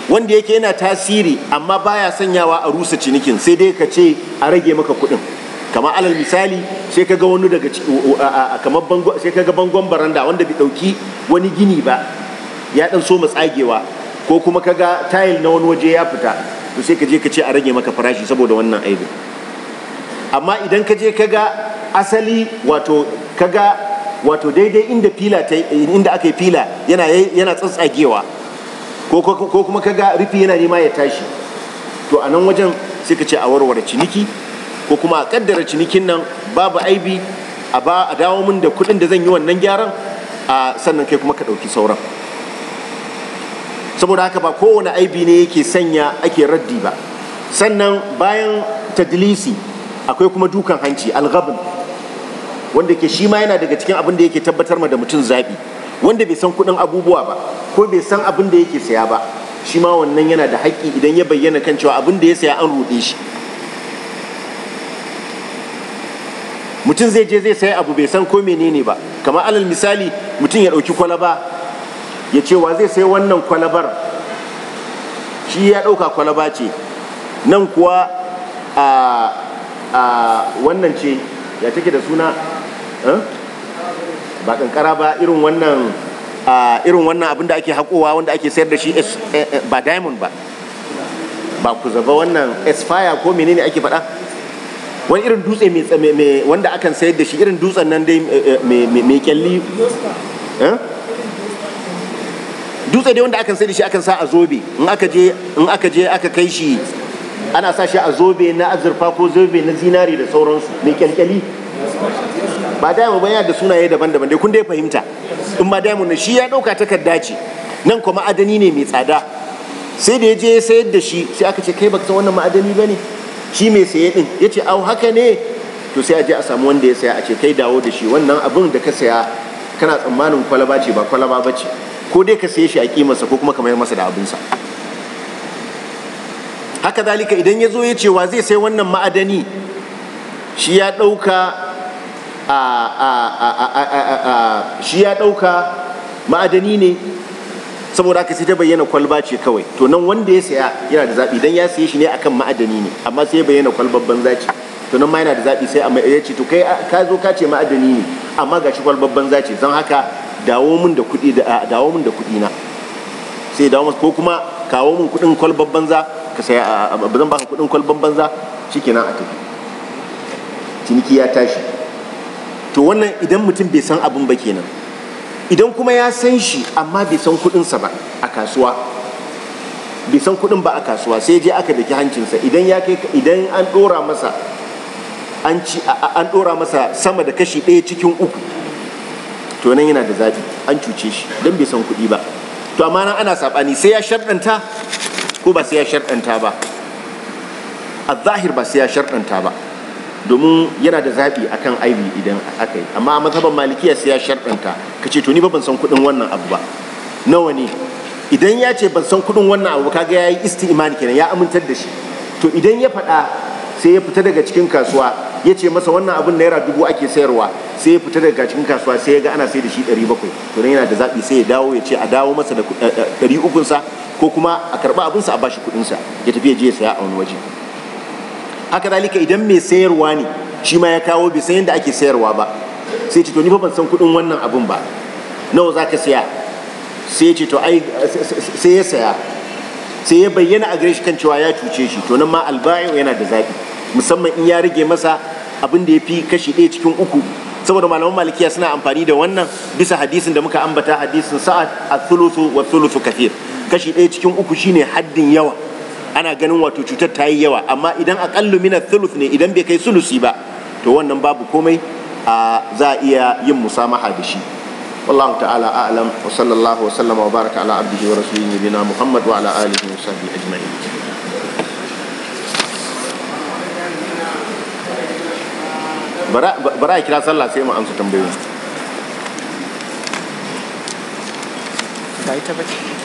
wanda yake yana tasiri amma baya sanyawa a rusa cinikin sai dai ka ce a rage maka kuɗin kamar alal misali sai ka ga wani daga bangon baranda wanda bai ɗauki wani gini ba ya ɗan so tsagewa ko kuma ka ga tayil na wani waje ya fita to sai ka je ka ce a rage maka farashi saboda wannan aibin amma idan ka je ka ga asali wato kaga wato daidai inda fila ta inda aka yi fila yana yana tsatsagewa ko ko kuma kaga rufi yana nema ya tashi to a nan wajen sai ka ce a warware ciniki ko kuma a kaddara cinikin nan babu aibi a ba a dawo min da kuɗin da zan yi wannan gyaran a sannan kai kuma ka ɗauki sauran saboda haka ba kowane aibi ne yake sanya ake raddi ba sannan bayan tadlisi akwai kuma dukan hanci algabin wanda ke shi ma yana daga cikin abin da yake tabbatar ma da mutum zaɓi wanda bai san kuɗin abubuwa ba ko bai san abin da yake saya ba shi ma wannan yana da haƙƙi idan ya bayyana kan cewa abin da ya saya an ruɗe shi mutum zai je zai saya abu bai san ko menene ba kamar alal misali mutum ya ɗauki kwalaba ya ce wa zai sai wannan kwalabar shi ya ɗauka kwalaba ce nan kuwa a wannan ce ya take da suna eh? ba kankara ba irin wannan irin wannan abin da ake haƙowa wanda ake sayar da shi e, e, ba diamond ba ba ku zaba wannan expire ko menene ake faɗa wani irin dutse mai wanda akan sayar da shi irin dutsen nan dai e, mai kyalli eh? dutse dai wanda akan sayar da shi akan sa a zobe in aka je aka kai shi ana sa shi a zobe na azurfa ko zobe na zinari da sauransu mai kyalkyali ba diamond ba da sunaye daban-daban dai kun dai fahimta in ma diamond na shi ya ɗauka takarda ce nan kuma ma'adani ne mai tsada sai da ya je ya sayar da shi sai aka ce kai baka san wannan ma'adani ba ne shi mai saye din ya ce au haka ne to sai a je a samu wanda ya saya a ce kai dawo da shi wannan abin da ka saya kana tsammanin kwalaba ce ba kwalaba ba ce ko dai ka saye shi a kimarsa ko kuma ka mayar masa da abinsa haka zalika idan ya zo ya ce wa zai sai wannan ma'adani shi ya ɗauka shi ya ɗauka ma'adani ne saboda haka sai ta bayyana kwalba ce kawai to nan wanda ya saya yana da zaɓi idan ya saye shi ne akan ma'adani ne amma sai ya bayyana kwalbar banza ce to nan ma yana da zaɓi sai amma ya ce to kai ka zo ka ce ma'adani ne amma ga shi kwalbar banza ce don haka dawo min da kuɗi da dawo min da kuɗi na sai dawo masa ko kuma kawo min kuɗin kwalbar banza ka saya ba zan baka kuɗin kwalban banza shikenan a tafi ciniki ya tashi to wannan idan mutum bai san abin ba kenan idan kuma ya san shi amma bai san kuɗinsa ba a kasuwa bai san kuɗin ba a kasuwa sai je aka daki hancinsa idan ya kai idan an dora masa an ci an dora masa sama da kashi ɗaya cikin uku to nan yana da zafi an cuce shi dan bai san kuɗi ba to amma nan ana saɓani sai ya sharɗanta ko ba sai ya shardanta ba a zahir ba sai ya sharɗanta ba domin yana da zaɓi akan aibi idan aka yi amma a mazhaban malikiya sai ya shardanta ka ce to ni ba ban san kuɗin wannan abu ba nawa ne idan ya ce ban san kuɗin wannan abu kaga ya yi isti'imani kenan ya amintar da shi to idan ya faɗa sai ya fita daga cikin kasuwa ya ce masa wannan abin naira dubu ake sayarwa sai ya fita daga cikin kasuwa sai ya ga ana sai da shi ɗari bakwai to yana da zaɓi sai ya dawo ya ce a dawo masa da eh, eh, ɗari ukunsa ko kuma a karɓa sa a bashi sa ya tafi ya je ya saya a wani waje haka zalika idan mai sayarwa ne shi ma ya kawo bai san yadda ake sayarwa ba sai ce to ni fa ban san kuɗin wannan abin ba nawa za ka saya sai ya ce to ai sai ya saya sai ya bayyana a gare shi kan cewa ya cuce shi to nan ma alba'i yana da zaɓi musamman in ya rage masa abin da ya fi kashi ɗaya cikin uku saboda malaman malikiya suna amfani da wannan bisa hadisin da muka ambata hadisin sa'ad a thuluthu wa thuluthu kafir kashi ɗaya cikin uku shine haddin yawa ana ganin wato cutar ta yi yawa amma idan aƙallu min thuluth ne idan bai kai sulusi ba to wannan babu komai a za a iya yin musamaha da shi wallahu ta'ala a'lam wa sallallahu wa sallama wa baraka ala abdihi wa rasulihi nabiyina muhammad wa ala alihi wa sahbihi ajma'in bara a kira sallah sai mu amsa tambayoyin ta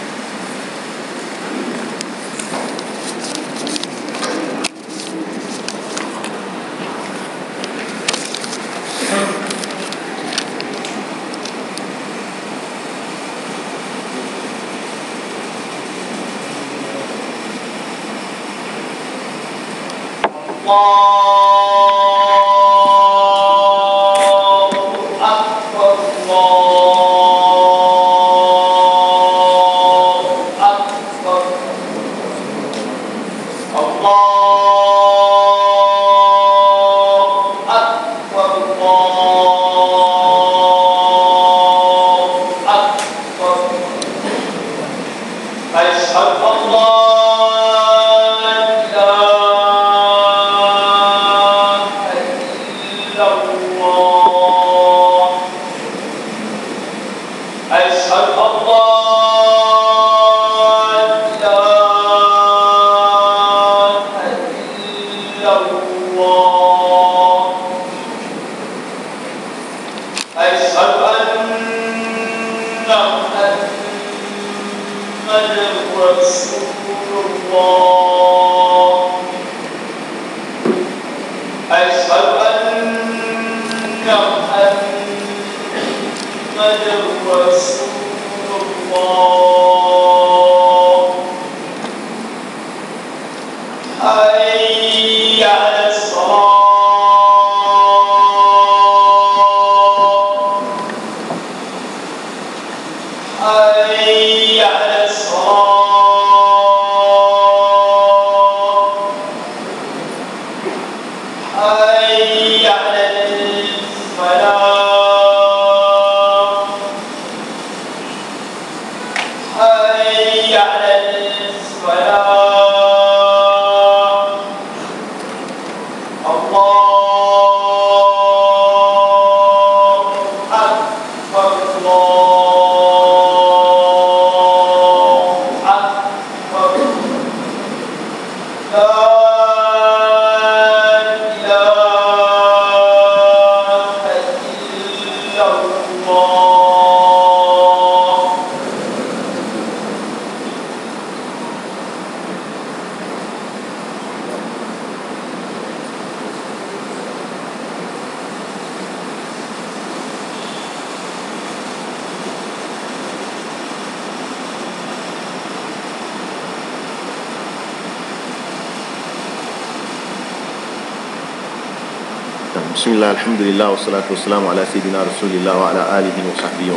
alhamdulillah wa salatu wa salamu ala sayyidina rasulillah wa ala alihi wa sahbihi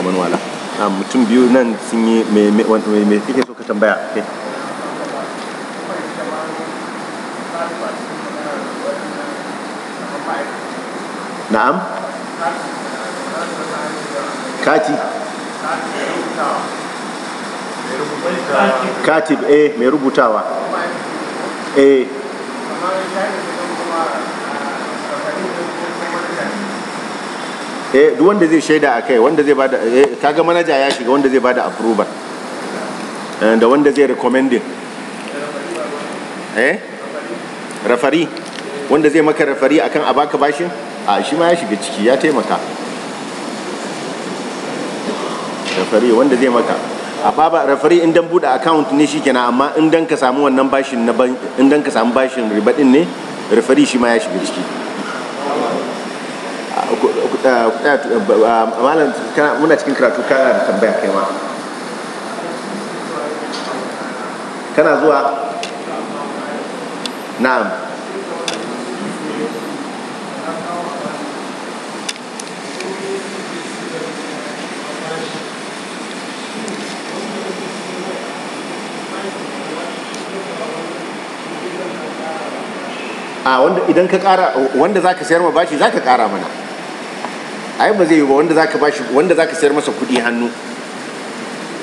ah, mutum biyu nan sun yi me kake so ka tambaya na'am kati katib eh mai rubutawa eh eh duk wanda zai shaida a kai wanda zai bada eh, kaga manaja ya shiga wanda zai bada approval eh, da wanda zai recommending eh rafari wanda zai maka rafari akan a baka bashin a shi ma ya shiga ciki ya taimaka rafari wanda zai maka a baba rafari in dan bude account ne shikenan amma in dan ka samu wannan bashin na in dan ka samu bashin riba din ne rafari shi ma ya shiga ciki Eh, malam muna cikin karatu kana da tambaya kai ma kana zuwa na'am a ah, wanda idan ka kara wanda zaka sayar ma bashi zaka kara mana ai ba zai yi ba wanda zaka bashi wanda ka sayar masa kuɗi hannu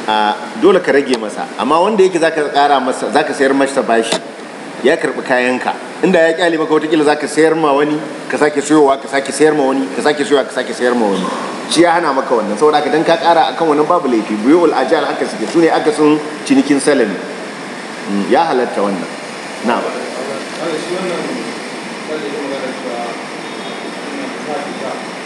a dole ka rage masa amma wanda yake zaka ƙara masa zaka sayar masa bashi ya karɓi kayanka inda ya kyale maka watakila zaka sayar ma wani ka sake soyowa ka sake sayar ma wani ka sake soyowa ka sake sayar ma wani shi ya hana maka wannan saboda ka dan ka ƙara akan wannan babu laifi buyul ajal haka suke sune aka sun cinikin salami hmm, ya halatta wannan na'am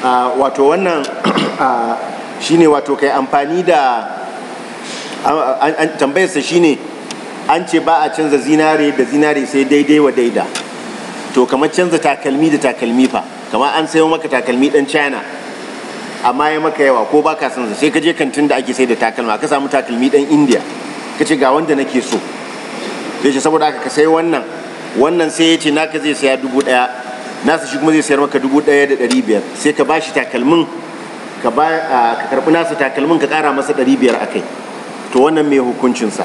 Ah, wato wannan ah, shine wato kai amfani da tambayarsa shine an ce ba a canza zinare da zinare sai daidai wa daida to kamar canza takalmi da takalmi fa kamar an sayo maka takalmi dan china amma ya maka yawa ko ba ka sansa sai ka je kantin da ake sai da takalma ka samu takalmi dan india ka ce ga wanda nake so zai ce saboda haka ka sai wannan wannan sai ya ce naka zai saya dubu ɗaya nasa shi kuma zai sayar maka dubu ɗaya da ɗari biyar sai ka bashi takalmin ka ba ka karɓi nasa takalmin ka ƙara masa ɗari biyar a kai to wannan mai hukuncinsa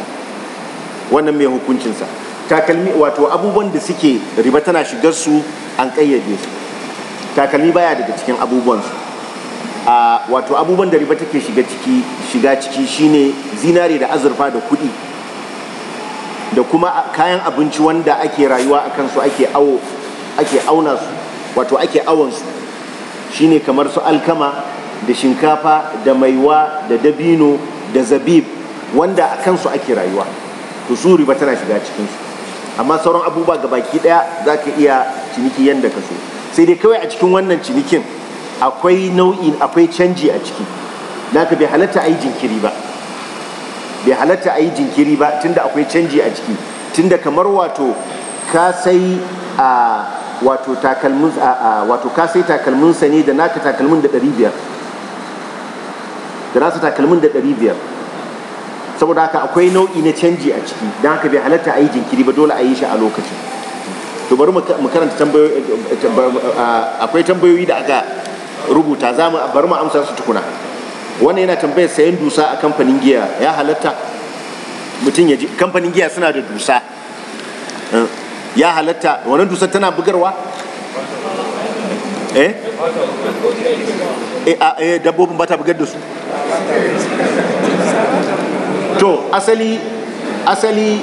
wannan mai hukuncinsa takalmi wato abubuwan da suke riba tana shigar su an ƙayyade su takalmi baya daga cikin abubuwan su. wato abubuwan da riba take shiga ciki shiga ciki shine zinare da azurfa da kuɗi da kuma kayan abinci wanda ake rayuwa a kansu ake awo ake auna su wato ake awon su shine kamar su alkama da shinkafa da maiwa da dabino da zabib wanda a kansu ake rayuwa to su riba tana shiga cikinsu amma sauran abubuwa ga baki daya zaka iya ciniki yadda ka so sai dai kawai a cikin wannan cinikin akwai nau'in akwai canji a ciki na bi bai halatta ai jinkiri ba bai halatta a yi jinkiri ba tunda akwai canji a ciki tunda kamar wato ka sai a wato takalmin wato ka sai takalmin sa ne da naka takalmin da 500 da nasa takalmin da 500 saboda haka akwai nau'i na canji a ciki don haka bai halatta a yi jinkiri ba dole a yi shi a lokaci. to bari mu karanta tambayoyi eh, eh, eh, akwai tambayoyi da aka rubuta za mu bari mu amsa su tukuna wannan yana tambayar sayan dusa a kamfanin giya ya halatta mutum ya ji kamfanin giya suna da dusa eh, ya halatta wannan dusar tana bugarwa eh eh, eh dabbobin ba ta bugar da su to asali asali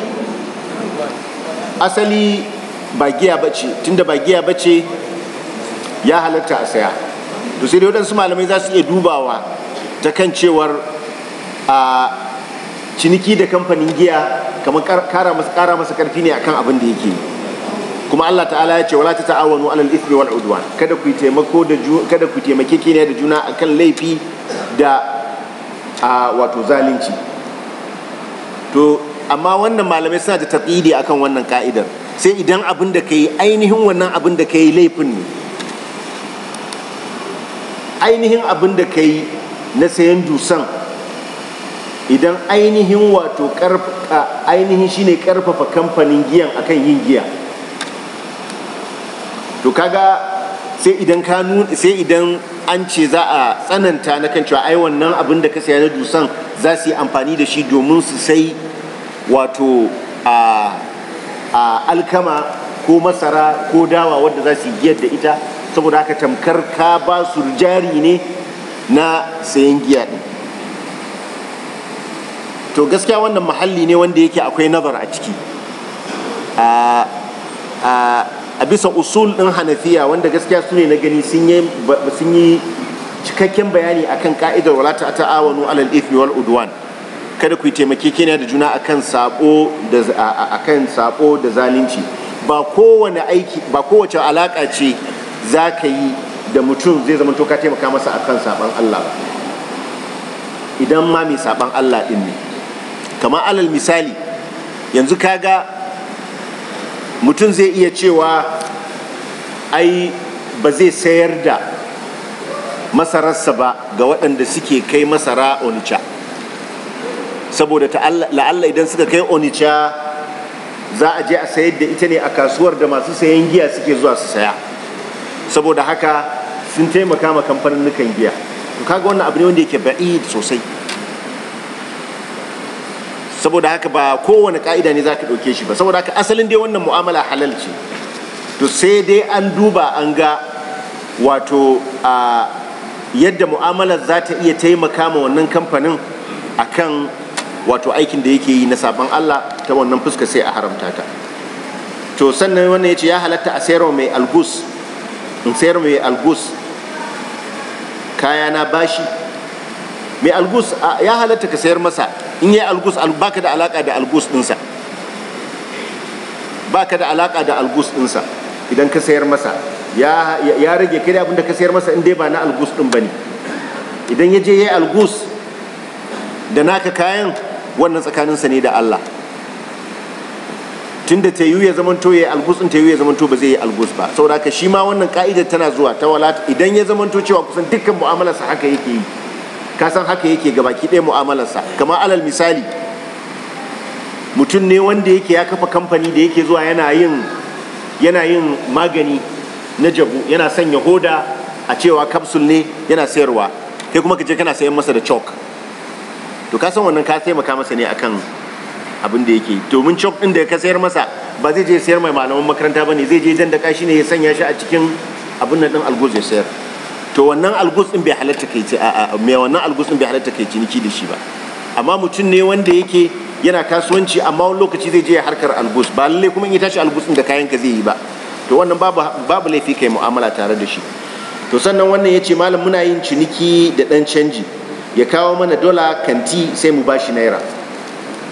asali ba giya ba ce, tunda ba giya ba ce ya halatta a saya to sai dai waɗansu malamai za su iya dubawa ta kan cewar a ciniki da kamfanin giya kamar kara masa karfi ne akan abin da yake kuma Allah ta'ala ya ce wala ta ta'awanu alal ismi wal udwan kada ku taimako da kada ku taimake kiniya da juna akan laifi da a wato zalunci to amma wannan malamai suna da taqidi akan wannan ka'idar sai idan abin da kai ainihin wannan abin da kai laifin ne ainihin abin da kai na sayan dusan idan ainihin wato ainihin shine karfafa kamfanin giyan akan yin giya to kaga sai idan ka sai idan an ce za a tsananta na kan cewa ai wannan abin da ka saya na dusan za su yi amfani da shi domin su sai wato a alkama ko masara ko dawa wadda za su yi giyar da ita saboda haka tamkar ka ba su jari ne na sayan giya ɗin to gaskiya wannan mahalli ne wanda yake akwai nazar a ciki a bisa usul ɗin hanafiya wanda gaskiya su ne na gani sun yi cikakken bayani akan ka'idar wala ta ta'awanu alal ifi wal udwan kada ku yi taimake kina da juna akan sabo da sabo da zalunci ba kowane kowace alaka ce za ka yi da mutum zai zama to ka taimaka masa akan saban Allah ba idan ma mai saban Allah ɗin ne kamar alal misali yanzu ka ga mutum zai iya cewa ai ba zai sayar da masararsa ba ga waɗanda suke kai masara onica saboda la'alla idan suka kai onica za a je a sayar da ita ne a kasuwar da masu sayan giya suke zuwa su saya saboda haka sun taimaka ma kamfanin nukan giya to kaga wannan abu ne wanda yake ba'id sosai saboda haka ba kowane ka'ida ne za ka ɗauke shi ba saboda haka asalin dai wannan mu'amala halal ce to sai dai an duba an ga wato a yadda mu'amalar za ta iya taimaka ma wannan kamfanin akan wato aikin da yake yi na sabon Allah ta wannan fuska sai a haramta ta to sannan wannan ya ce ya halatta a sayarwa mai sayar mai algus kaya na bashi mai algus ya halatta ka sayar masa in yi algus baka da alaka da algus dinsa baka da alaka da algus dinsa idan ka sayar masa ya rage kai abin da ka sayar masa in dai ba na algus din bane idan ya je ya yi algus da naka kayan wannan tsakaninsa ne da Allah tunda ta yi ya zamanto ya yi algusun ta yi ya zamanto ba zai yi algus ba saboda aka shi ma wannan ka'idar tana zuwa ta wala idan ya zamanto cewa kusan dukkan mu'amalarsa haka yake yi ka haka yake baki ɗaya mu'amalarsa kamar alal misali mutum ne wanda yake ya kafa kamfani da yake zuwa yana yin yana yin magani na jabu yana sanya hoda a cewa kapsul ne yana sayarwa kai kuma ka je kana sayan masa da chalk to kasan wannan ka taimaka masa ne akan abin da yake domin cok ɗin da ka sayar masa ba zai je sayar mai malaman makaranta ba ne zai je dan da kashi ne ya sanya shi a cikin abin nan din algus ya sayar to wannan algus din bai halatta kai ce a mai wannan algus din bai halatta kai ciniki da shi ba amma mutum ne wanda yake yana kasuwanci amma wani lokaci zai je harkar algus ba lalle kuma in ya tashi algus din da kayan ka zai yi ba to wannan babu laifi kai mu'amala tare da shi to sannan wannan ya ce malam muna yin ciniki da dan canji ya kawo mana dola kanti sai mu bashi naira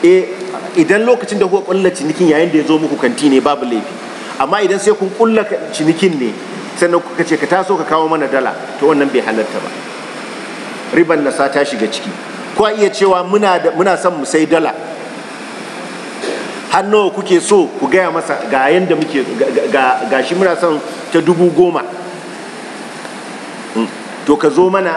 e idan lokacin da kuka kulla cinikin yayin da ya zo muku kanti ne babu laifi amma idan sai kun kulla cinikin ne sannan kuka ce ka taso ka kawo mana dala to wannan bai halarta ba riban nasa ta shiga ciki ko iya cewa muna son mu sai dala har kuke so ku gaya masa ga yanda muke ga shi muna son ta dubu goma hmm. to ka zo mana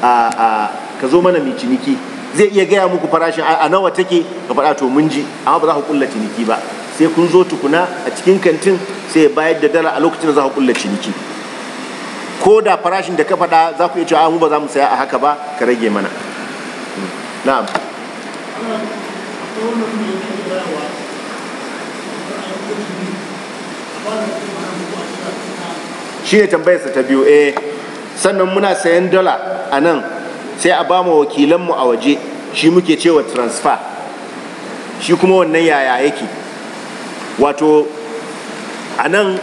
ka zo mana mai ciniki zai iya gaya muku farashin a nawa take ka faɗa to mun ji amma ba za ku kulla ciniki ba sai kun zo tukuna a cikin kantin sai bayar da dala a lokacin da za ku kulla ciniki ko da farashin da ka faɗa za ku iya cewa mu ba za mu saya a haka ba ka rage mana na'am shi ne tambayarsa ta biyu eh sannan muna sayan dala a nan sai a ba mu wakilanmu a waje shi muke cewa transfer shi kuma wannan yaya yake wato a nan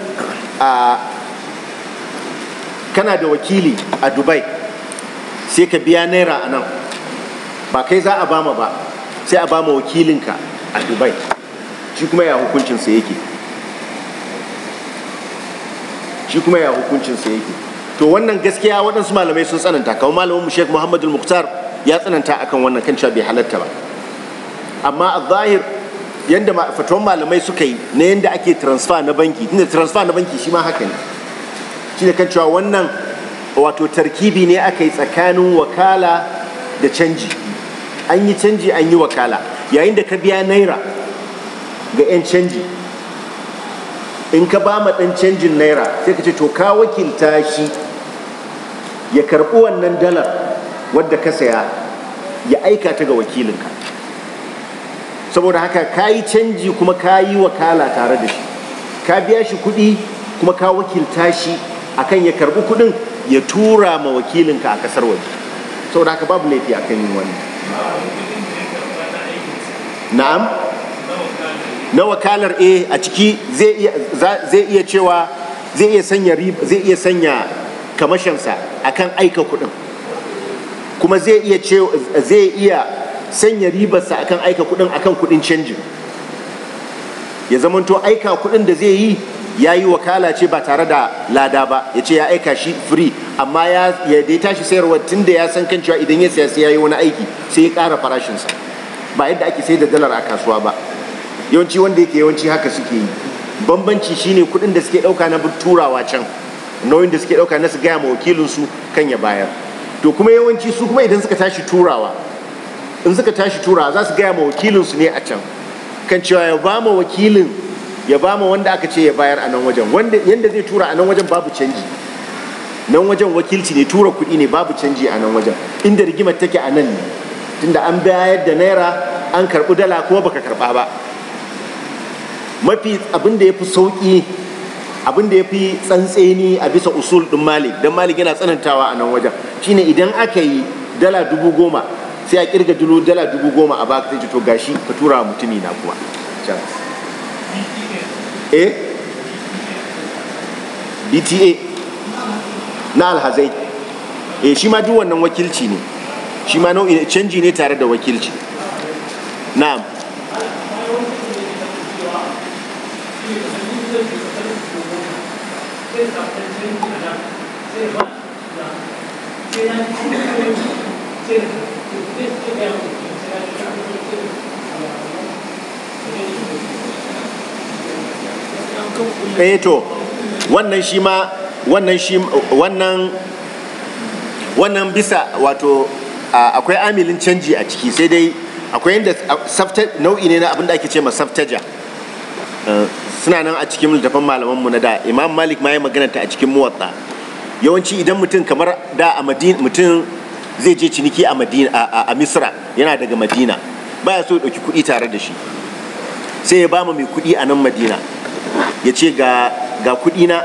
kana da wakili a dubai sai ka biya naira a nan ba kai za a bama ba sai a bama wakilinka a dubai shi kuma ya hukuncinsa yake shi kuma ya hukuncinsa yake to wannan gaskiya waɗansu malamai sun tsananta kamar malamin mu Sheikh Muhammad al ya tsananta akan wannan kan cewa bai halatta ba amma a zahir yanda fatuwan malamai suka yi na yanda ake transfer na banki tunda transfer na banki shi ma haka ne shi da kan cewa wannan wato tarkibi ne aka yi tsakanin wakala da canji an yi canji an yi wakala yayin da ka biya naira ga 'yan canji in ka ba ma ɗan canjin naira sai ka ce to ka wakilta shi ya karɓi wannan dalar wadda ka saya ya aika ta ga wakilinka saboda haka ka yi canji kuma ka yi wakala tare da shi ka biya shi kuɗi kuma ka wakilta shi kan ya karɓi kuɗin ya tura ma wakilinka a ƙasar waje saboda haka babu laifi kan yi wani na'am na wakalar a eh, a ciki zai iya cewa zai iya sanya kamashinsa akan aika kuɗin kuma zai iya zai iya sanya ribarsa akan aika kuɗin akan kuɗin canjin ya zamanto aika kuɗin da zai yi ya yi wakala ce ba tare da lada ba ya ce ya aika shi free amma ya da tashi sayarwa tun da ya san kan cewa idan ya saya sai ya yi wani aiki sai ya ƙara farashinsa ba yadda ake sai da dalar a kasuwa ba yawanci wanda yake yawanci haka suke yi bambanci shine kuɗin da suke ɗauka na turawa can nauyin da suke ɗauka na su gaya ma wakilinsu kan ya bayar to kuma yawanci su kuma idan suka tashi turawa in suka tashi turawa za su gaya ma wakilinsu ne a can kan cewa ya ba ma wakilin ya ba ma wanda aka ce ya bayar a nan wajen wanda yanda zai tura a nan wajen babu canji nan wajen wakilci ne tura kuɗi ne babu canji a nan wajen inda rigimar take a nan ne tunda an bayar da naira an karɓi dala kuma baka karɓa ba mafi abin da ya fi sauƙi abin da ya fi tsantseni a bisa usul ɗin malik don malik yana tsanantawa a nan wajen shine idan aka yi dala dubu goma sai a kirga dulo dala dubu goma a baka sai to gashi ka tura mutumi na kuma eh bta na alhazai e shi ma duk wannan wakilci ne shi ma nau'i canji ne tare da wakilci na'am Eh to wannan shi ma wannan shi wannan wannan bisa wato akwai amilin canji a ciki sai dai akwai inda nau'i ne na abin da ake ce ma saftaja eh, suna nan a cikin littafin malamanmu na da imam malik ma ya magana ta a cikin muwatta yawanci idan mutum kamar da a madina mutum zai je ciniki a madina misra yana daga madina baya so ya ɗauki kuɗi tare da shi sai ya ba mu mai kuɗi a nan madina ya ce ga kuɗi na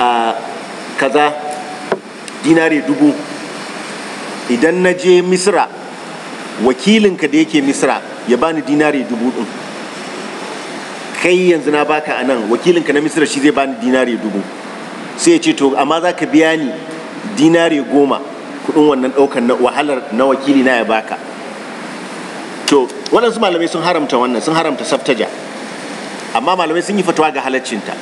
a kaza dinare dubu idan na je misra wakilinka da yake misra ya bani dinare dubu ɗin kai yanzu na baka a nan wakilin ka na misira shi zai bani dinari dubu sai ya ce to amma za ka biya ni dinari goma kudin wannan na wahalar na wakili na ya baka to waɗansu malamai sun haramta wannan sun haramta saftaja amma malamai sun yi fatawa ga halaccinta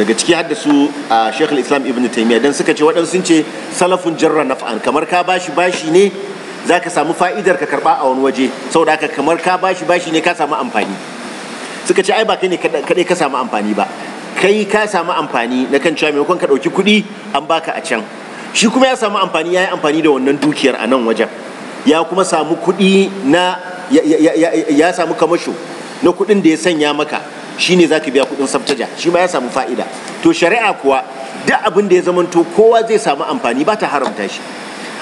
daga ciki hadda su a shekul islam ibn taimiyya don suka ce waɗansu sun ce salafun jarra naf'an kamar ka bashi bashi ne za ka samu fa'idar ka karɓa a wani waje saboda haka kamar ka bashi bashi ne ka samu amfani suka ce ai ba kai ne kadai ka samu amfani ba kai ka samu amfani na kan cewa maimakon ka ɗauki kuɗi an baka a can shi kuma ya samu amfani ya yi amfani da wannan dukiyar a nan wajen ya kuma samu kuɗi na ya samu kamasho na kuɗin da ya sanya maka shi ne za ka biya kuɗin samtaja, shi ma ya samu fa'ida to shari'a kuwa duk abin da ya zamanto kowa zai samu amfani ba ta haramta shi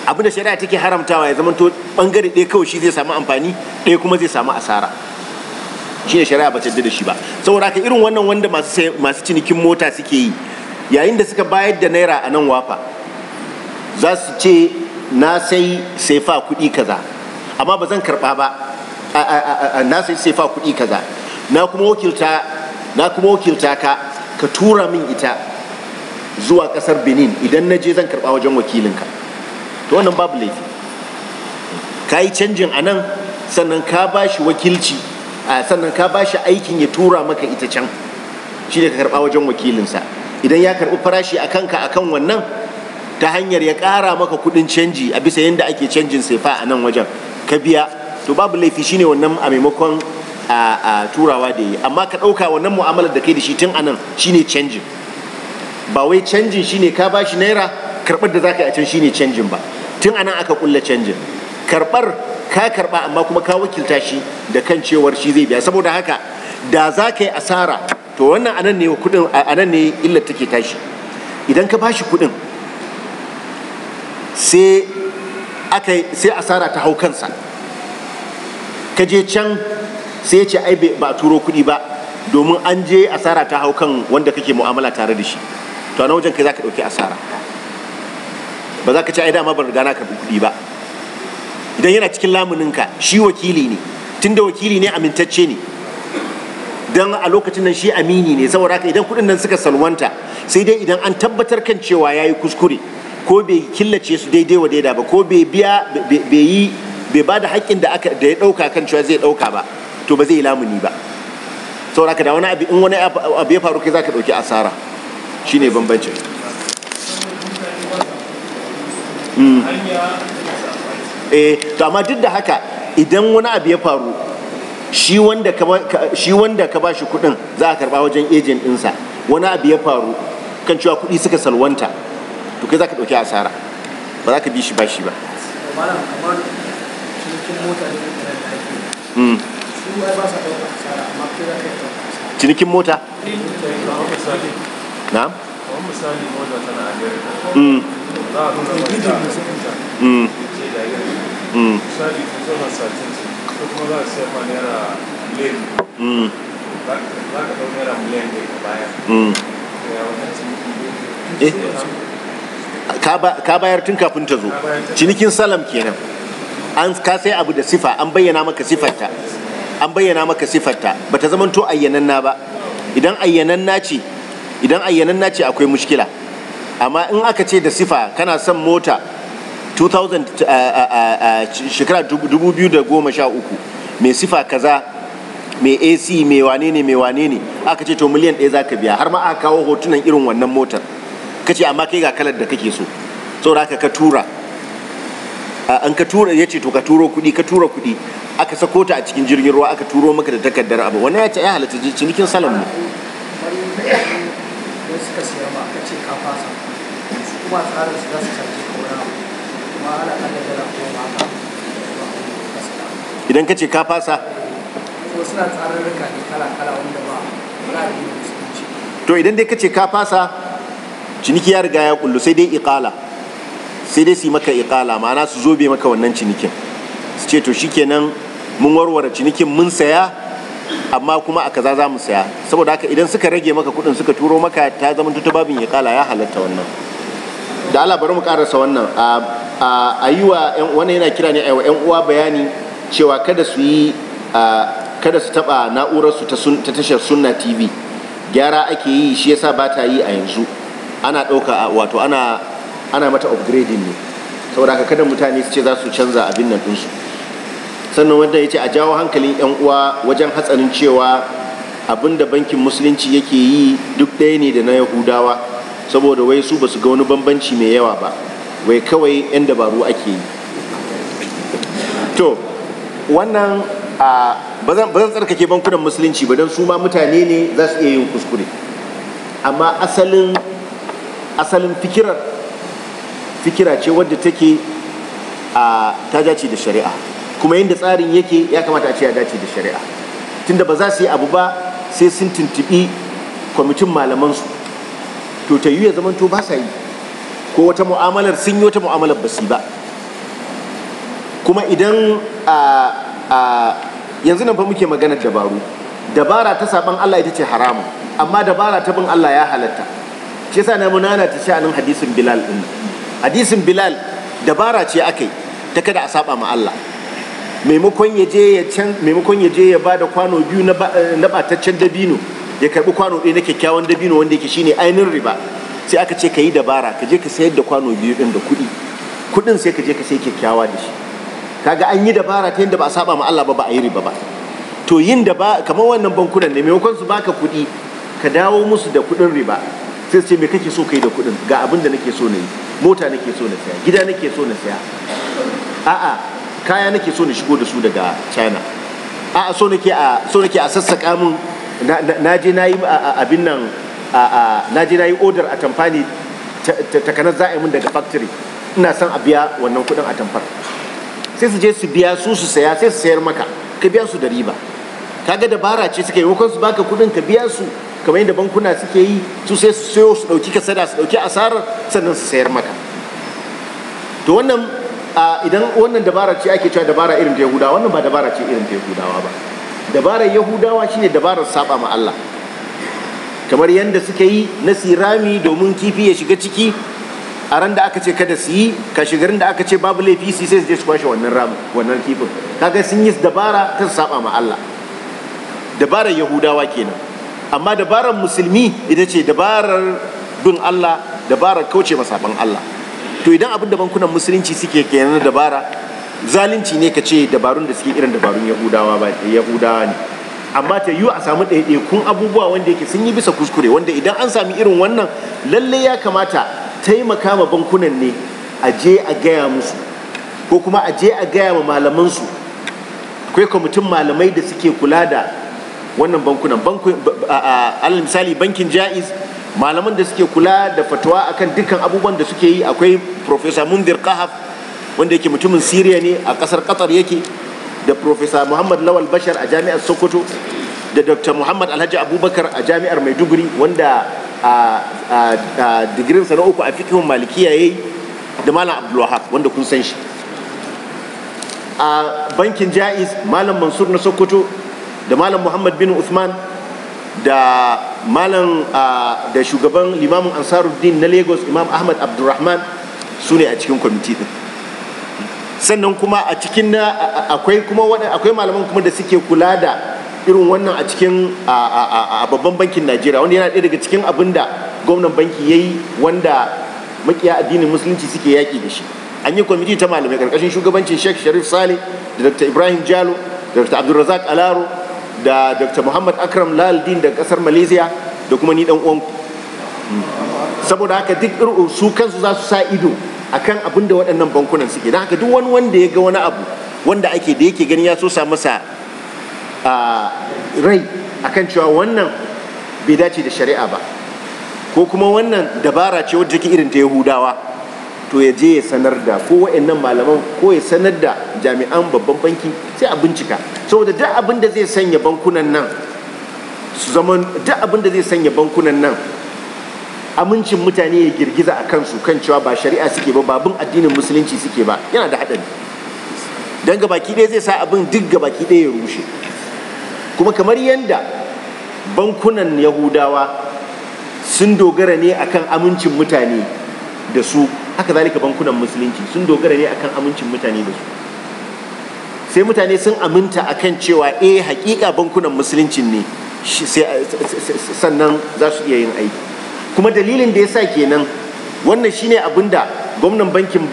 abin da shari'a take haramtawa ya zamanto bangare ɗaya kawai shi zai samu amfani ɗaya kuma zai samu asara shine shari'a ba ta da shi ba saboda haka irin wannan wanda masu cinikin mota suke yi yayin da suka bayar da naira a nan wafa za su ce na sai saifa kuɗi kaza amma ba zan karɓa ba na sai saifa kuɗi kaza na kuma wakilta ka ka tura min ita zuwa ƙasar benin idan na je zan karɓa wajen wakilinka to wannan babu laifi ka yi canjin a nan sannan ka ba shi wakilci sannan ka ba shi aikin ya tura maka ita can shi ne ka karɓa wajen wakilinsa idan ya karɓi farashi a kanka a kan wannan ta hanyar ya ƙara maka kuɗin canji a bisa yadda ake canjin sefa a nan wajen ka biya to babu laifi shine wannan a maimakon turawa da yi amma ka ɗauka wannan mu'amalar da kai da shi tun anan shine canjin ba wai canjin shine ka ba shi naira karɓar da za ka yi a can shine canjin ba tun a nan aka ƙulla canjin karɓar ka karba amma kuma ka wakilta shi da kan cewar shi zai biya saboda haka da za ka yi asara to wannan anan ne kudin anan ne illar take tashi idan ka bashi kudin sai aka sai asara ta hau kansa ka je can sai ya ce ai ba turo kuɗi ba domin an je asara ta hau kan wanda kake mu'amala tare da shi to a wajen kai za ka ɗauki asara ba za ka ci ai dama ban riga na karɓi kuɗi ba idan yana cikin lamuninka shi wakili ne tunda wakili ne amintacce ne don a lokacin nan shi amini ne saboda haka idan kudin nan suka salwanta sai dai idan an tabbatar kan cewa ya yi kuskure ko bai killace su daidai wa daida ba ko bai biya bai yi bai ba da haƙƙin da ya ɗauka kan cewa zai ɗauka ba to ba zai yi lamuni ba saboda haka da wani abu in wani abu ya faru kai za ka ɗauki asara shine bambancin hmm. eh to amma duk da haka idan wani abu ya faru shi wanda ka shi wanda ka bashi kuɗin za a karba wajen agent ɗinsa wani abu ya faru kan cewa kuɗi suka salwanta to kai za ka ɗauki asara ba za ka bi shi ba shi ba cinikin mota hmm. na misali mota tana amerika hmm. za a nuna misali ka zauna satin ko kuma za a sayar ma naira miliyan za ka ɗau naira miliyan ɗaya ka bayar ka bayar tun kafin ta zo cinikin salam kenan an ka sai abu da sifa an bayyana maka sifarta an bayyana maka sifarta bata zamanto ayyananna ba idan ayyananna ce idan ayyananna ce akwai mushkila amma in aka ce da sifa kana son mota Uh, uh, uh, shekara 2013 mai sifa kaza mai ac mai wane ne mai wane ne aka ce to miliyan ɗaya za ka biya har ma aka kawo hotunan irin wannan motar ka ce amma kai ga kalar da kake so saboda aka ka tura an ka tura ya ce to ka turo kuɗi ka tura kuɗi aka sako ta a cikin jirgin ruwa aka turo maka da takardar abu wannan ya ce ya halatta cinikin salon mu suka siya ka ce ka fasa kuma tsarin su za su idan ka ce ka fasa to idan dai ka ce ka fasa ciniki ya riga ya kullu sai dai iqala sai dai su maka iqala ma'ana su zobe maka wannan cinikin su ce to shikenan mun warware cinikin mun saya amma kuma a kaza za mu saya saboda haka idan suka rage maka kudin suka turo maka ta zama tuta babin iqala ya halatta wannan da Allah bari mu karasa wannan ah, a yi wa wannan yana kira ne a wa 'yan uwa bayani cewa kada su yi kada su taɓa na'urarsu ta tashar sunna tv gyara ake yi shi yasa ba ta yi a yanzu ana ɗauka wato ana ana mata upgrading ne saboda haka kada mutane su ce za su canza abin nan ɗinsu sannan wanda ya ce a jawo hankalin 'yan uwa wajen hatsarin cewa abin da bankin musulunci yake yi duk ɗaya ne da na yahudawa saboda wai su ba su ga wani bambanci mai yawa ba wai kawai 'yan dabaru ake yi to wannan ba zan tsarkake bankunan musulunci ba don su ma mutane ne za su iya yin kuskure amma asalin asalin fikirar fikira ce wadda take a ta dace da shari'a kuma yadda tsarin yake ya kamata a ce ya dace da shari'a tunda ba za su yi abu ba sai sun tuntubi kwamitin malamansu to ta yi ya zamanto ba sa yi ko wata mu'amalar sun yi wata mu'amalar basi ba kuma idan yanzu nan fa muke maganar dabaru dabara ta saban Allah ita ce haramun amma dabara ta bin Allah ya halatta shi yasa na munana ta nan hadisin Bilal din hadisin Bilal dabara ce akai ta kada a saba ma Allah maimakon ya je ya can maimakon ya je ya bada kwano biyu na bataccen eh, dabino ya karbi kwano ɗaya na kyakkyawan dabino wanda yake shine ainihin riba sai aka ce ka yi dabara ka je ka sayar da kwano biyu din da kuɗi kuɗin sai ka je ka sai kyakkyawa da shi kaga an yi dabara ta yadda ba a saba ma Allah ba ba a yi riba ba to yin da ba kamar wannan bankunan ne maimakon su baka kuɗi ka dawo musu da kuɗin riba sai ce me kake so yi da kuɗin ga abin da nake so na yi mota nake so na saya gida nake so na saya a'a kaya nake so na shigo da su daga china a'a so nake a so nake a sassaka min na je na yi abin nan na je na yi odar a tamfani takanar za a yi min daga factory ina son a biya wannan kuɗin a tamfar sai su je su biya su su saya sai su sayar maka ka biya su da riba kaga dabara ce suka yi wakon su baka kuɗin ka biya su kamar yadda bankuna suke yi su sai su sayo su ɗauki kasada su ɗauki asarar sannan su sayar maka to wannan idan wannan dabara ce ake cewa dabara irin ta yahudawa wannan ba dabara ce irin ta yahudawa ba dabarar yahudawa shine dabarar saba ma Allah kamar yadda suka yi na sirami domin kifi ya shiga ciki a ran da aka ce kada su yi ka shigarin da aka ce babu laifi su sai su je su kwashe wannan ramu wannan kifin kaga sun yi dabara ta saba ma Allah dabarar yahudawa kenan amma dabarar musulmi ita ce dabarar bin Allah dabarar kauce saban Allah to idan abin da bankunan musulunci suke kenan dabara zalunci ne ka ce dabarun da suke irin dabarun yahudawa ba yahudawa ne amma ta yiwu a samu ɗaiɗaikun abubuwa wanda yake sun yi bisa kuskure wanda idan an sami irin wannan lalle ya kamata taimaka ma bankunan ne a je a gaya musu ko kuma a je a gaya ma malamansu akwai kwamitin malamai da suke kula da wannan bankunan alal misali bankin ja'iz malaman da suke kula da fatawa akan dukkan abubuwan da suke yi akwai professor mundir kahaf wanda yake mutumin siriya ne a kasar qatar yake da profesa muhammad lawal bashar a jami'ar sokoto da dr muhammad alhaji abubakar a jami'ar maiduguri wanda a digirin na uku a fikihun malikiya yayi da malam abdulwahab wanda kun san shi a bankin ja'iz malam mansur na sokoto da malam muhammad bin Usman da malam da shugaban limamin ansaruddin na lagos imam ahmad abdulrahman su ne a cikin kwamiti din sannan kuma a cikin na akwai kuma akwai malaman kuma da suke kula da irin wannan a cikin a babban bankin najeriya wanda yana ɗaya daga cikin abin da gwamnan banki ya yi wanda makiya addinin musulunci suke yaƙi da shi an yi kwamiti ta malamai ƙarƙashin shugabancin sheikh sharif sale da dr ibrahim jalo da dr abdulrazak alaro da dr muhammad akram laludin da ƙasar malaysia da kuma ni dan uwanku hmm. saboda haka duk su kansu za su sa ido akan abin da waɗannan bankunan suke don haka duk wani wanda ya ga wani abu wanda ake da yake gani ya so sa masa rai akan cewa wannan bai dace da shari'a ba ko kuma wannan dabara ce wadda irin ta yahudawa to ya je ya sanar da ko wa'annan malaman ko ya sanar da jami'an babban banki sai a bincika saboda duk abin da zai sanya bankunan nan su zama duk abin da zai sanya bankunan nan amincin mutane ya girgiza a kansu kan cewa ba shari'a suke ba babin addinin musulunci suke ba yana da haɗari don gabaki ɗaya zai sa abin duk gabaki ɗaya ya rushe kuma kamar yadda bankunan yahudawa sun dogara ne akan amincin mutane da su haka zalika bankunan musulunci sun dogara ne akan amincin mutane da su sai mutane sun aminta akan cewa eh hakika bankunan musulunci ne sannan za su iya yin aiki kuma dalilin da ya sa kenan wannan shine abin da gwamnan bankin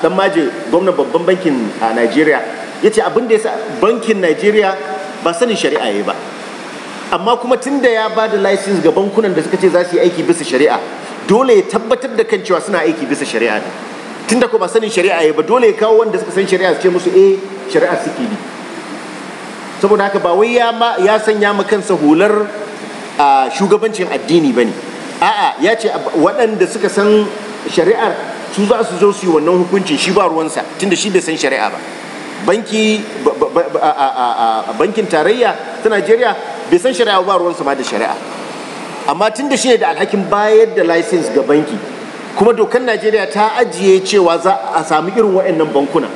dan maje gwamnan babban bankin a najeriya ya ce abin da ya sa bankin najeriya ba sanin shari'a ya ba amma kuma tun da ya ba da license ga bankunan da suka ce za su yi aiki bisa shari'a dole ya tabbatar da kan cewa suna aiki bisa shari'a ne tun da ba sanin shari'a ya ba dole ya kawo wanda suka san shari'a su ce musu eh shari'a suke bi saboda haka ba wai ya sanya ma kansa hular A shugabancin addini ba ne a'a ya ce waɗanda suka san shari'ar su za su zo su yi wannan hukuncin shi ba ruwansa tunda shi bai san shari'a ba bankin tarayya ta najeriya bai san shari'a ba ruwansa ma da shari'a amma tunda shi ne da alhakin bayar da license ga banki kuma dokar najeriya ta ajiye cewa za a samu irin wa'annan bankuna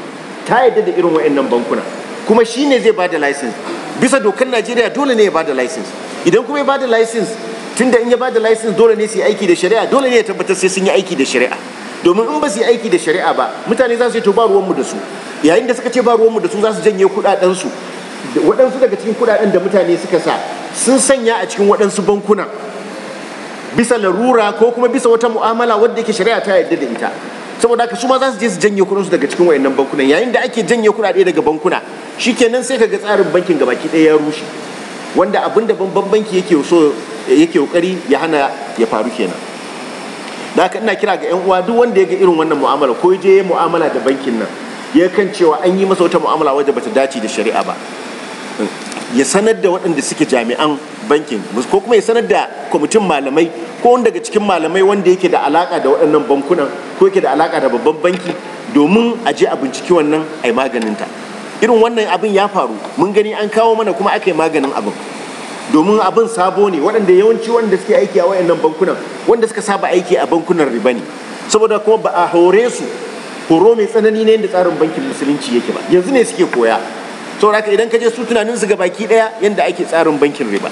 ta yadda da irin wa'annan bankuna kuma shi ne zai ba da license bisa dokar najeriya dole ne ya ba da license idan kuma ya da license da in ya ba da license dole ne su yi aiki da shari'a dole ne ya tabbatar sai sun yi aiki da shari'a domin in ba su yi aiki da shari'a ba mutane za su yi to ba ruwanmu da su yayin da suka ce ba ruwanmu da su za su janye kuɗaɗensu waɗansu daga cikin kuɗaɗen da mutane suka sa sun sanya a cikin waɗansu bankuna bisa larura ko kuma bisa wata mu'amala wadda yake shari'a ta yarda da ita saboda haka su ma za su je su janye kuɗinsu daga cikin wayannan bankunan yayin da ake janye kuɗaɗe daga bankuna shikenan sai ka ga tsarin bankin gabaki ɗaya ya rushe wanda abin da babban banki yake so yake kokari ya hana ya faru kenan da haka ina kira ga yan uwa duk wanda ya ga irin wannan mu'amala ko je ya mu'amala da bankin nan ya kan cewa an yi masa wata mu'amala wadda bata dace da shari'a ba ya sanar da waɗanda suke jami'an bankin ko kuma ya sanar da kwamitin malamai ko wanda daga cikin malamai wanda yake da alaka da waɗannan bankunan ko yake da alaka da babban banki domin a je a binciki wannan a yi maganin ta. irin wannan abin ya faru mun gani an kawo mana kuma aka yi maganin abin domin abin sabo ne waɗanda yawanci wanda suke aiki a wayannan bankunan wanda suka saba aiki a bankunan riba ne saboda kuma ba a hore su horo mai tsanani ne yadda tsarin bankin musulunci yake ba yanzu ne suke koya saboda haka idan ka je su tunanin su ga baki ɗaya yadda ake tsarin bankin riba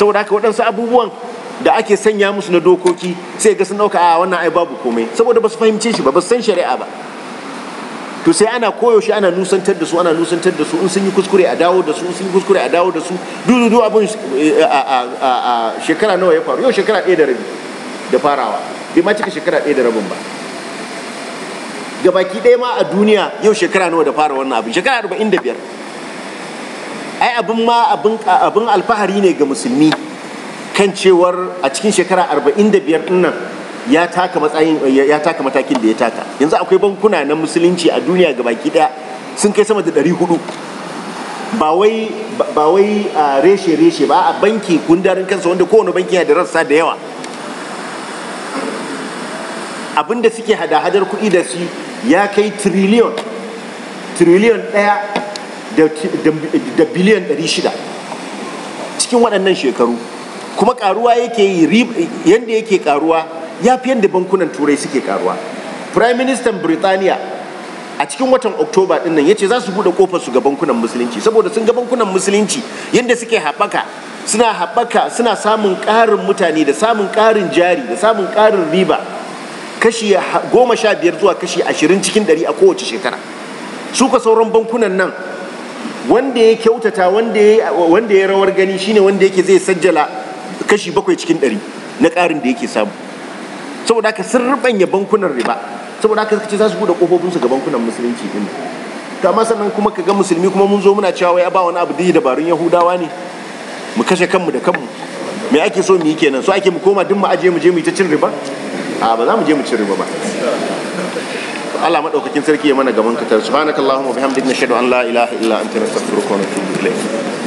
saboda haka waɗansu abubuwan da ake sanya musu na dokoki sai ga sun ɗauka a wannan ai babu komai saboda ba su fahimce shi ba ba su san shari'a ba to sai ana koyaushe ana nusantar da su ana nusantar da su in sun yi kuskure a dawo da su in sun yi kuskure a dawo da su dudu abin eh, a shekara nawa ya faru yau shekara ɗaya da rabi da farawa bai ma cika shekara ɗaya da rabin ba gabaki ɗaya ma a duniya yau shekara nawa da fara wannan abin shekara arba'in da biyar ai abin ma abin alfahari ne ga musulmi kan cewar a cikin shekara arba'in da biyar ɗin nan ya taka matsayin ya taka matakin da ya taka yanzu akwai bankuna na musulunci a duniya ga baki daya sun kai sama da ɗari ba wai ba wai reshe reshe ba a banki gundarin kansa wanda kowane banki yana da rassa da yawa abinda suke hada-hadar kuɗi da su ya kai triliyon triliyon ɗaya da biliyon ɗari shida cikin waɗannan shekaru kuma karuwa yake yi yadda yake karuwa ya fi yadda bankunan turai suke karuwa prime minister Birtaniya a cikin watan oktoba din ya ce za su bude kofar su ga bankunan musulunci saboda sun ga bankunan musulunci yadda suke haɓaka suna haɓaka suna samun ƙarin mutane da samun ƙarin jari da samun ƙarin riba kashi goma sha biyar zuwa kashi ashirin cikin ɗari a kowace shekara suka sauran bankunan nan wanda ya kyautata wanda ya rawar gani shine wanda yake zai sajjala kashi bakwai cikin ɗari na ƙarin da yake samu saboda haka sun rubanya bankunan riba saboda haka suka ce za su bude kofofin su ga bankunan musulunci din to amma sannan kuma kaga musulmi kuma mun zo muna cewa wai ba wani abu dai dabarun yahudawa ne mu kashe kanmu da kanmu me ake so mu yi kenan so ake mu koma duk mu aje mu je mu yi ta cin riba a ba za mu je mu cin riba ba Allah madaukakin sarki ya mana gaban ka subhanakallahumma wa bihamdika nashhadu an la ilaha illa anta nastaghfiruka wa natubu ilayk